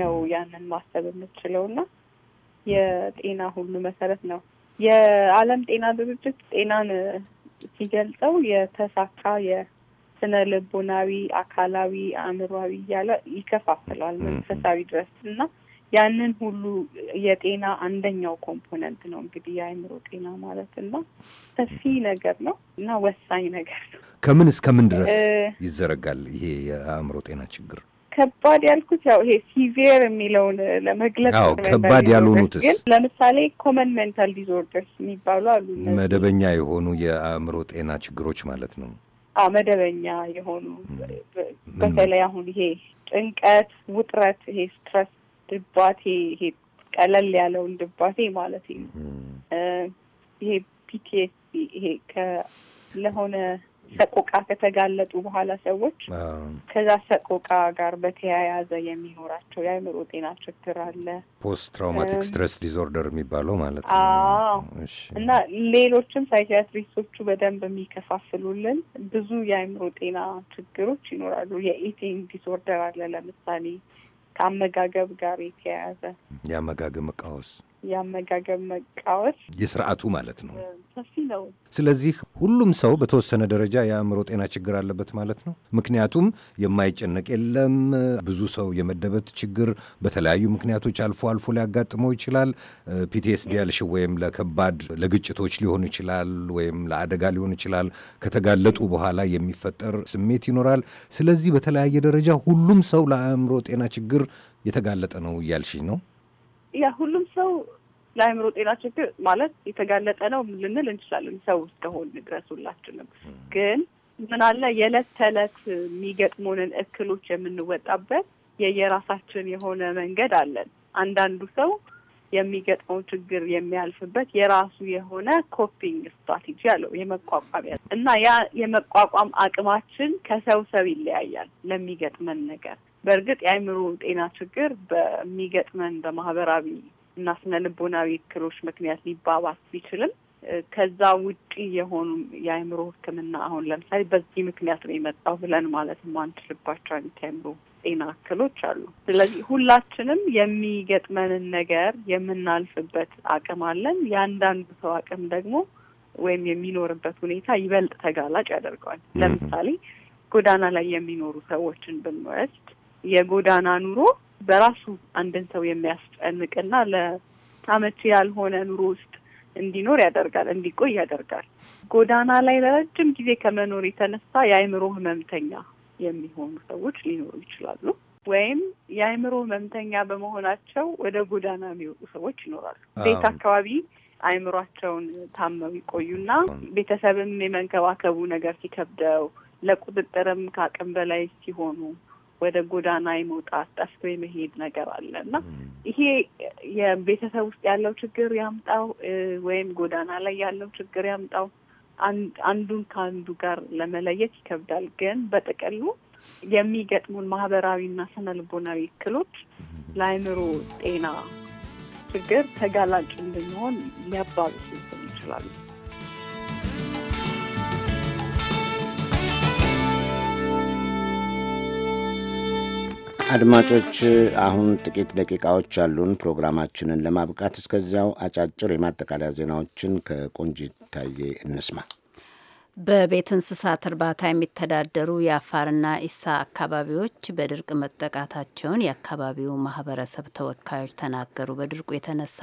[SPEAKER 13] ነው ያንን ማሰብ የምትችለውና የጤና ሁሉ መሰረት ነው። የዓለም ጤና ድርጅት ጤናን ሲገልጸው የተሳካ ስነ ልቦናዊ፣ አካላዊ፣ አእምሯዊ እያለ ይከፋፍለዋል መንፈሳዊ ድረስ እና ያንን ሁሉ የጤና አንደኛው ኮምፖነንት ነው እንግዲህ የአእምሮ ጤና ማለት እና ሰፊ ነገር ነው እና ወሳኝ ነገር ነው።
[SPEAKER 9] ከምን እስከ ምን ድረስ ይዘረጋል ይሄ የአእምሮ ጤና ችግር?
[SPEAKER 13] ከባድ ያልኩት ያው ይሄ ሲቪየር የሚለውን ለመግለጽ ከባድ ያልሆኑትስ ግን ለምሳሌ ኮመን ሜንታል ዲስኦርደርስ የሚባሉ አሉ።
[SPEAKER 9] መደበኛ የሆኑ የአእምሮ ጤና ችግሮች ማለት ነው።
[SPEAKER 13] መደበኛ የሆኑ በተለይ አሁን ይሄ ጭንቀት፣ ውጥረት፣ ይሄ ስትረስ፣ ድባቴ ይሄ ቀለል ያለውን ድባቴ ማለት ነው። ይሄ ፒቲኤስዲ ይሄ ለሆነ ሰቆቃ ከተጋለጡ በኋላ ሰዎች ከዛ ሰቆቃ ጋር በተያያዘ የሚኖራቸው የአእምሮ ጤና ችግር አለ።
[SPEAKER 9] ፖስት ትራውማቲክ ስትረስ ዲስኦርደር የሚባለው ማለት
[SPEAKER 13] ነው። እና ሌሎችም ሳይኪያትሪስቶቹ በደንብ የሚከፋፍሉልን ብዙ የአእምሮ ጤና ችግሮች ይኖራሉ። የኢቲንግ ዲስኦርደር አለ ለምሳሌ ከአመጋገብ ጋር የተያያዘ
[SPEAKER 9] የአመጋገብ መቃወስ
[SPEAKER 13] የአመጋገብ መቃወስ
[SPEAKER 9] የስርዓቱ ማለት ነው ሰፊ ነው። ስለዚህ ሁሉም ሰው በተወሰነ ደረጃ የአእምሮ ጤና ችግር አለበት ማለት ነው። ምክንያቱም የማይጨነቅ የለም። ብዙ ሰው የመደበት ችግር በተለያዩ ምክንያቶች አልፎ አልፎ ሊያጋጥመው ይችላል። ፒቲኤስዲ ያልሽ ወይም ለከባድ ለግጭቶች ሊሆን ይችላል ወይም ለአደጋ ሊሆን ይችላል። ከተጋለጡ በኋላ የሚፈጠር ስሜት ይኖራል። ስለዚህ በተለያየ ደረጃ ሁሉም ሰው ለአእምሮ ጤና ችግር የተጋለጠ ነው እያልሽኝ ነው።
[SPEAKER 13] ያ ሁሉም ሰው ለአእምሮ ጤና ችግር ማለት የተጋለጠ ነው ልንል እንችላለን ሰው እስከሆን ድረስ ሁላችንም። ግን ምን አለ የዕለት ተዕለት የሚገጥሙንን እክሎች የምንወጣበት የየራሳችን የሆነ መንገድ አለን። አንዳንዱ ሰው የሚገጥመው ችግር የሚያልፍበት የራሱ የሆነ ኮፒንግ ስትራቴጂ አለው የመቋቋሚያ እና ያ የመቋቋም አቅማችን ከሰው ሰው ይለያያል ለሚገጥመን ነገር። በእርግጥ የአእምሮ ጤና ችግር በሚገጥመን በማህበራዊ እና ስነ ልቦናዊ እክሎች ምክንያት ሊባባስ ቢችልም ከዛ ውጪ የሆኑ የአእምሮ ሕክምና አሁን ለምሳሌ በዚህ ምክንያት ነው የመጣው ብለን ማለት ማንችልባቸው አይነት የአእምሮ ጤና እክሎች አሉ። ስለዚህ ሁላችንም የሚገጥመንን ነገር የምናልፍበት አቅም አለን። የአንዳንዱ ሰው አቅም ደግሞ ወይም የሚኖርበት ሁኔታ ይበልጥ ተጋላጭ ያደርገዋል። ለምሳሌ ጎዳና ላይ የሚኖሩ ሰዎችን ብንወስድ የጎዳና ኑሮ በራሱ አንድን ሰው የሚያስጨንቅና ለአመቺ ያልሆነ ኑሮ ውስጥ እንዲኖር ያደርጋል፣ እንዲቆይ ያደርጋል። ጎዳና ላይ ለረጅም ጊዜ ከመኖር የተነሳ የአእምሮ ህመምተኛ የሚሆኑ ሰዎች ሊኖሩ ይችላሉ። ወይም የአእምሮ ህመምተኛ በመሆናቸው ወደ ጎዳና የሚወጡ ሰዎች ይኖራሉ። ቤት አካባቢ አእምሯቸውን ታመው ይቆዩና ቤተሰብም የመንከባከቡ ነገር ሲከብደው ለቁጥጥርም ከአቅም በላይ ሲሆኑ ወደ ጎዳና የመውጣት ጠፍቶ የመሄድ ነገር አለ እና ይሄ የቤተሰብ ውስጥ ያለው ችግር ያምጣው ወይም ጎዳና ላይ ያለው ችግር ያምጣው አንዱን ከአንዱ ጋር ለመለየት ይከብዳል። ግን በጥቅሉ የሚገጥሙን ማህበራዊና ስነልቦናዊ እክሎች ለአእምሮ ጤና ችግር ተጋላጭ እንድንሆን ሊያባብሱ ይችላሉ።
[SPEAKER 3] አድማጮች አሁን ጥቂት ደቂቃዎች ያሉን ፕሮግራማችንን ለማብቃት እስከዚያው አጫጭር የማጠቃለያ ዜናዎችን ከቆንጂት ታዬ እንስማ።
[SPEAKER 2] በቤት እንስሳት እርባታ የሚተዳደሩ የአፋርና ኢሳ አካባቢዎች በድርቅ መጠቃታቸውን የአካባቢው ማህበረሰብ ተወካዮች ተናገሩ። በድርቁ የተነሳ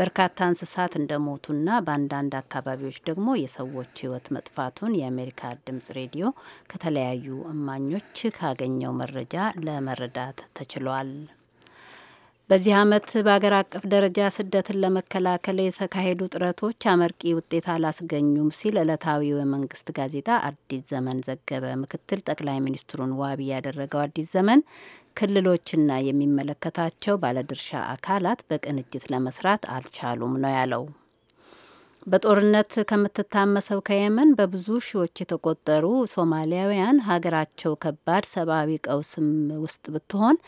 [SPEAKER 2] በርካታ እንስሳት እንደሞቱና በአንዳንድ አካባቢዎች ደግሞ የሰዎች ሕይወት መጥፋቱን የአሜሪካ ድምጽ ሬዲዮ ከተለያዩ እማኞች ካገኘው መረጃ ለመረዳት ተችሏል። በዚህ ዓመት በአገር አቀፍ ደረጃ ስደትን ለመከላከል የተካሄዱ ጥረቶች አመርቂ ውጤት አላስገኙም ሲል ዕለታዊው የመንግስት ጋዜጣ አዲስ ዘመን ዘገበ። ምክትል ጠቅላይ ሚኒስትሩን ዋቢ ያደረገው አዲስ ዘመን ክልሎችና የሚመለከታቸው ባለድርሻ አካላት በቅንጅት ለመስራት አልቻሉም ነው ያለው። በጦርነት ከምትታመሰው ከየመን በብዙ ሺዎች የተቆጠሩ ሶማሊያውያን ሀገራቸው ከባድ ሰብአዊ ቀውስም ውስጥ ብትሆን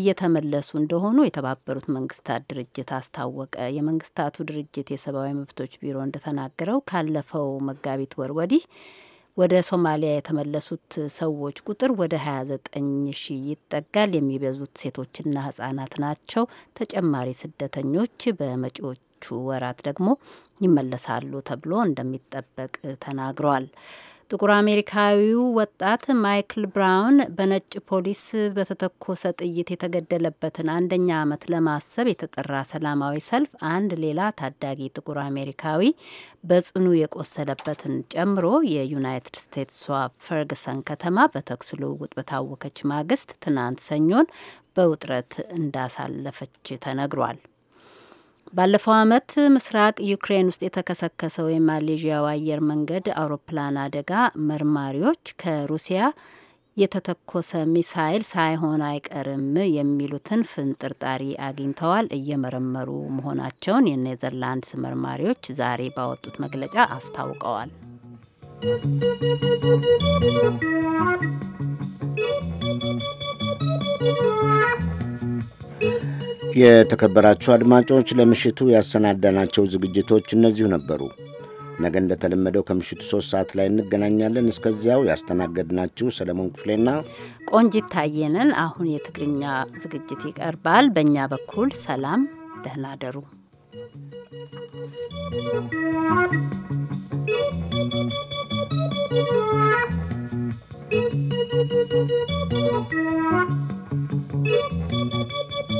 [SPEAKER 2] እየተመለሱ እንደሆኑ የተባበሩት መንግስታት ድርጅት አስታወቀ። የመንግስታቱ ድርጅት የሰብአዊ መብቶች ቢሮ እንደተናገረው ካለፈው መጋቢት ወር ወዲህ ወደ ሶማሊያ የተመለሱት ሰዎች ቁጥር ወደ 29 ሺህ ይጠጋል። የሚበዙት ሴቶችና ህጻናት ናቸው። ተጨማሪ ስደተኞች በመጪዎቹ ወራት ደግሞ ይመለሳሉ ተብሎ እንደሚጠበቅ ተናግሯል። ጥቁር አሜሪካዊው ወጣት ማይክል ብራውን በነጭ ፖሊስ በተተኮሰ ጥይት የተገደለበትን አንደኛ ዓመት ለማሰብ የተጠራ ሰላማዊ ሰልፍ አንድ ሌላ ታዳጊ ጥቁር አሜሪካዊ በጽኑ የቆሰለበትን ጨምሮ የዩናይትድ ስቴትሷ ፈርግሰን ከተማ በተኩስ ልውውጥ በታወከች ማግስት ትናንት ሰኞን በውጥረት እንዳሳለፈች ተነግሯል። ባለፈው ዓመት ምስራቅ ዩክሬን ውስጥ የተከሰከሰው የማሌዥያው አየር መንገድ አውሮፕላን አደጋ መርማሪዎች ከሩሲያ የተተኮሰ ሚሳይል ሳይሆን አይቀርም የሚሉትን ፍንጥርጣሪ አግኝተዋል። እየመረመሩ መሆናቸውን የኔዘርላንድስ መርማሪዎች ዛሬ ባወጡት መግለጫ አስታውቀዋል።
[SPEAKER 3] የተከበራችሁ አድማጮች ለምሽቱ ያሰናዳናቸው ዝግጅቶች እነዚሁ ነበሩ። ነገ እንደተለመደው ከምሽቱ ሶስት ሰዓት ላይ እንገናኛለን። እስከዚያው ያስተናገድናችሁ ሰለሞን ክፍሌና ቆንጂት
[SPEAKER 2] ታየንን። አሁን የትግርኛ ዝግጅት ይቀርባል። በእኛ በኩል ሰላም፣ ደህና ደሩ። Thank
[SPEAKER 10] you.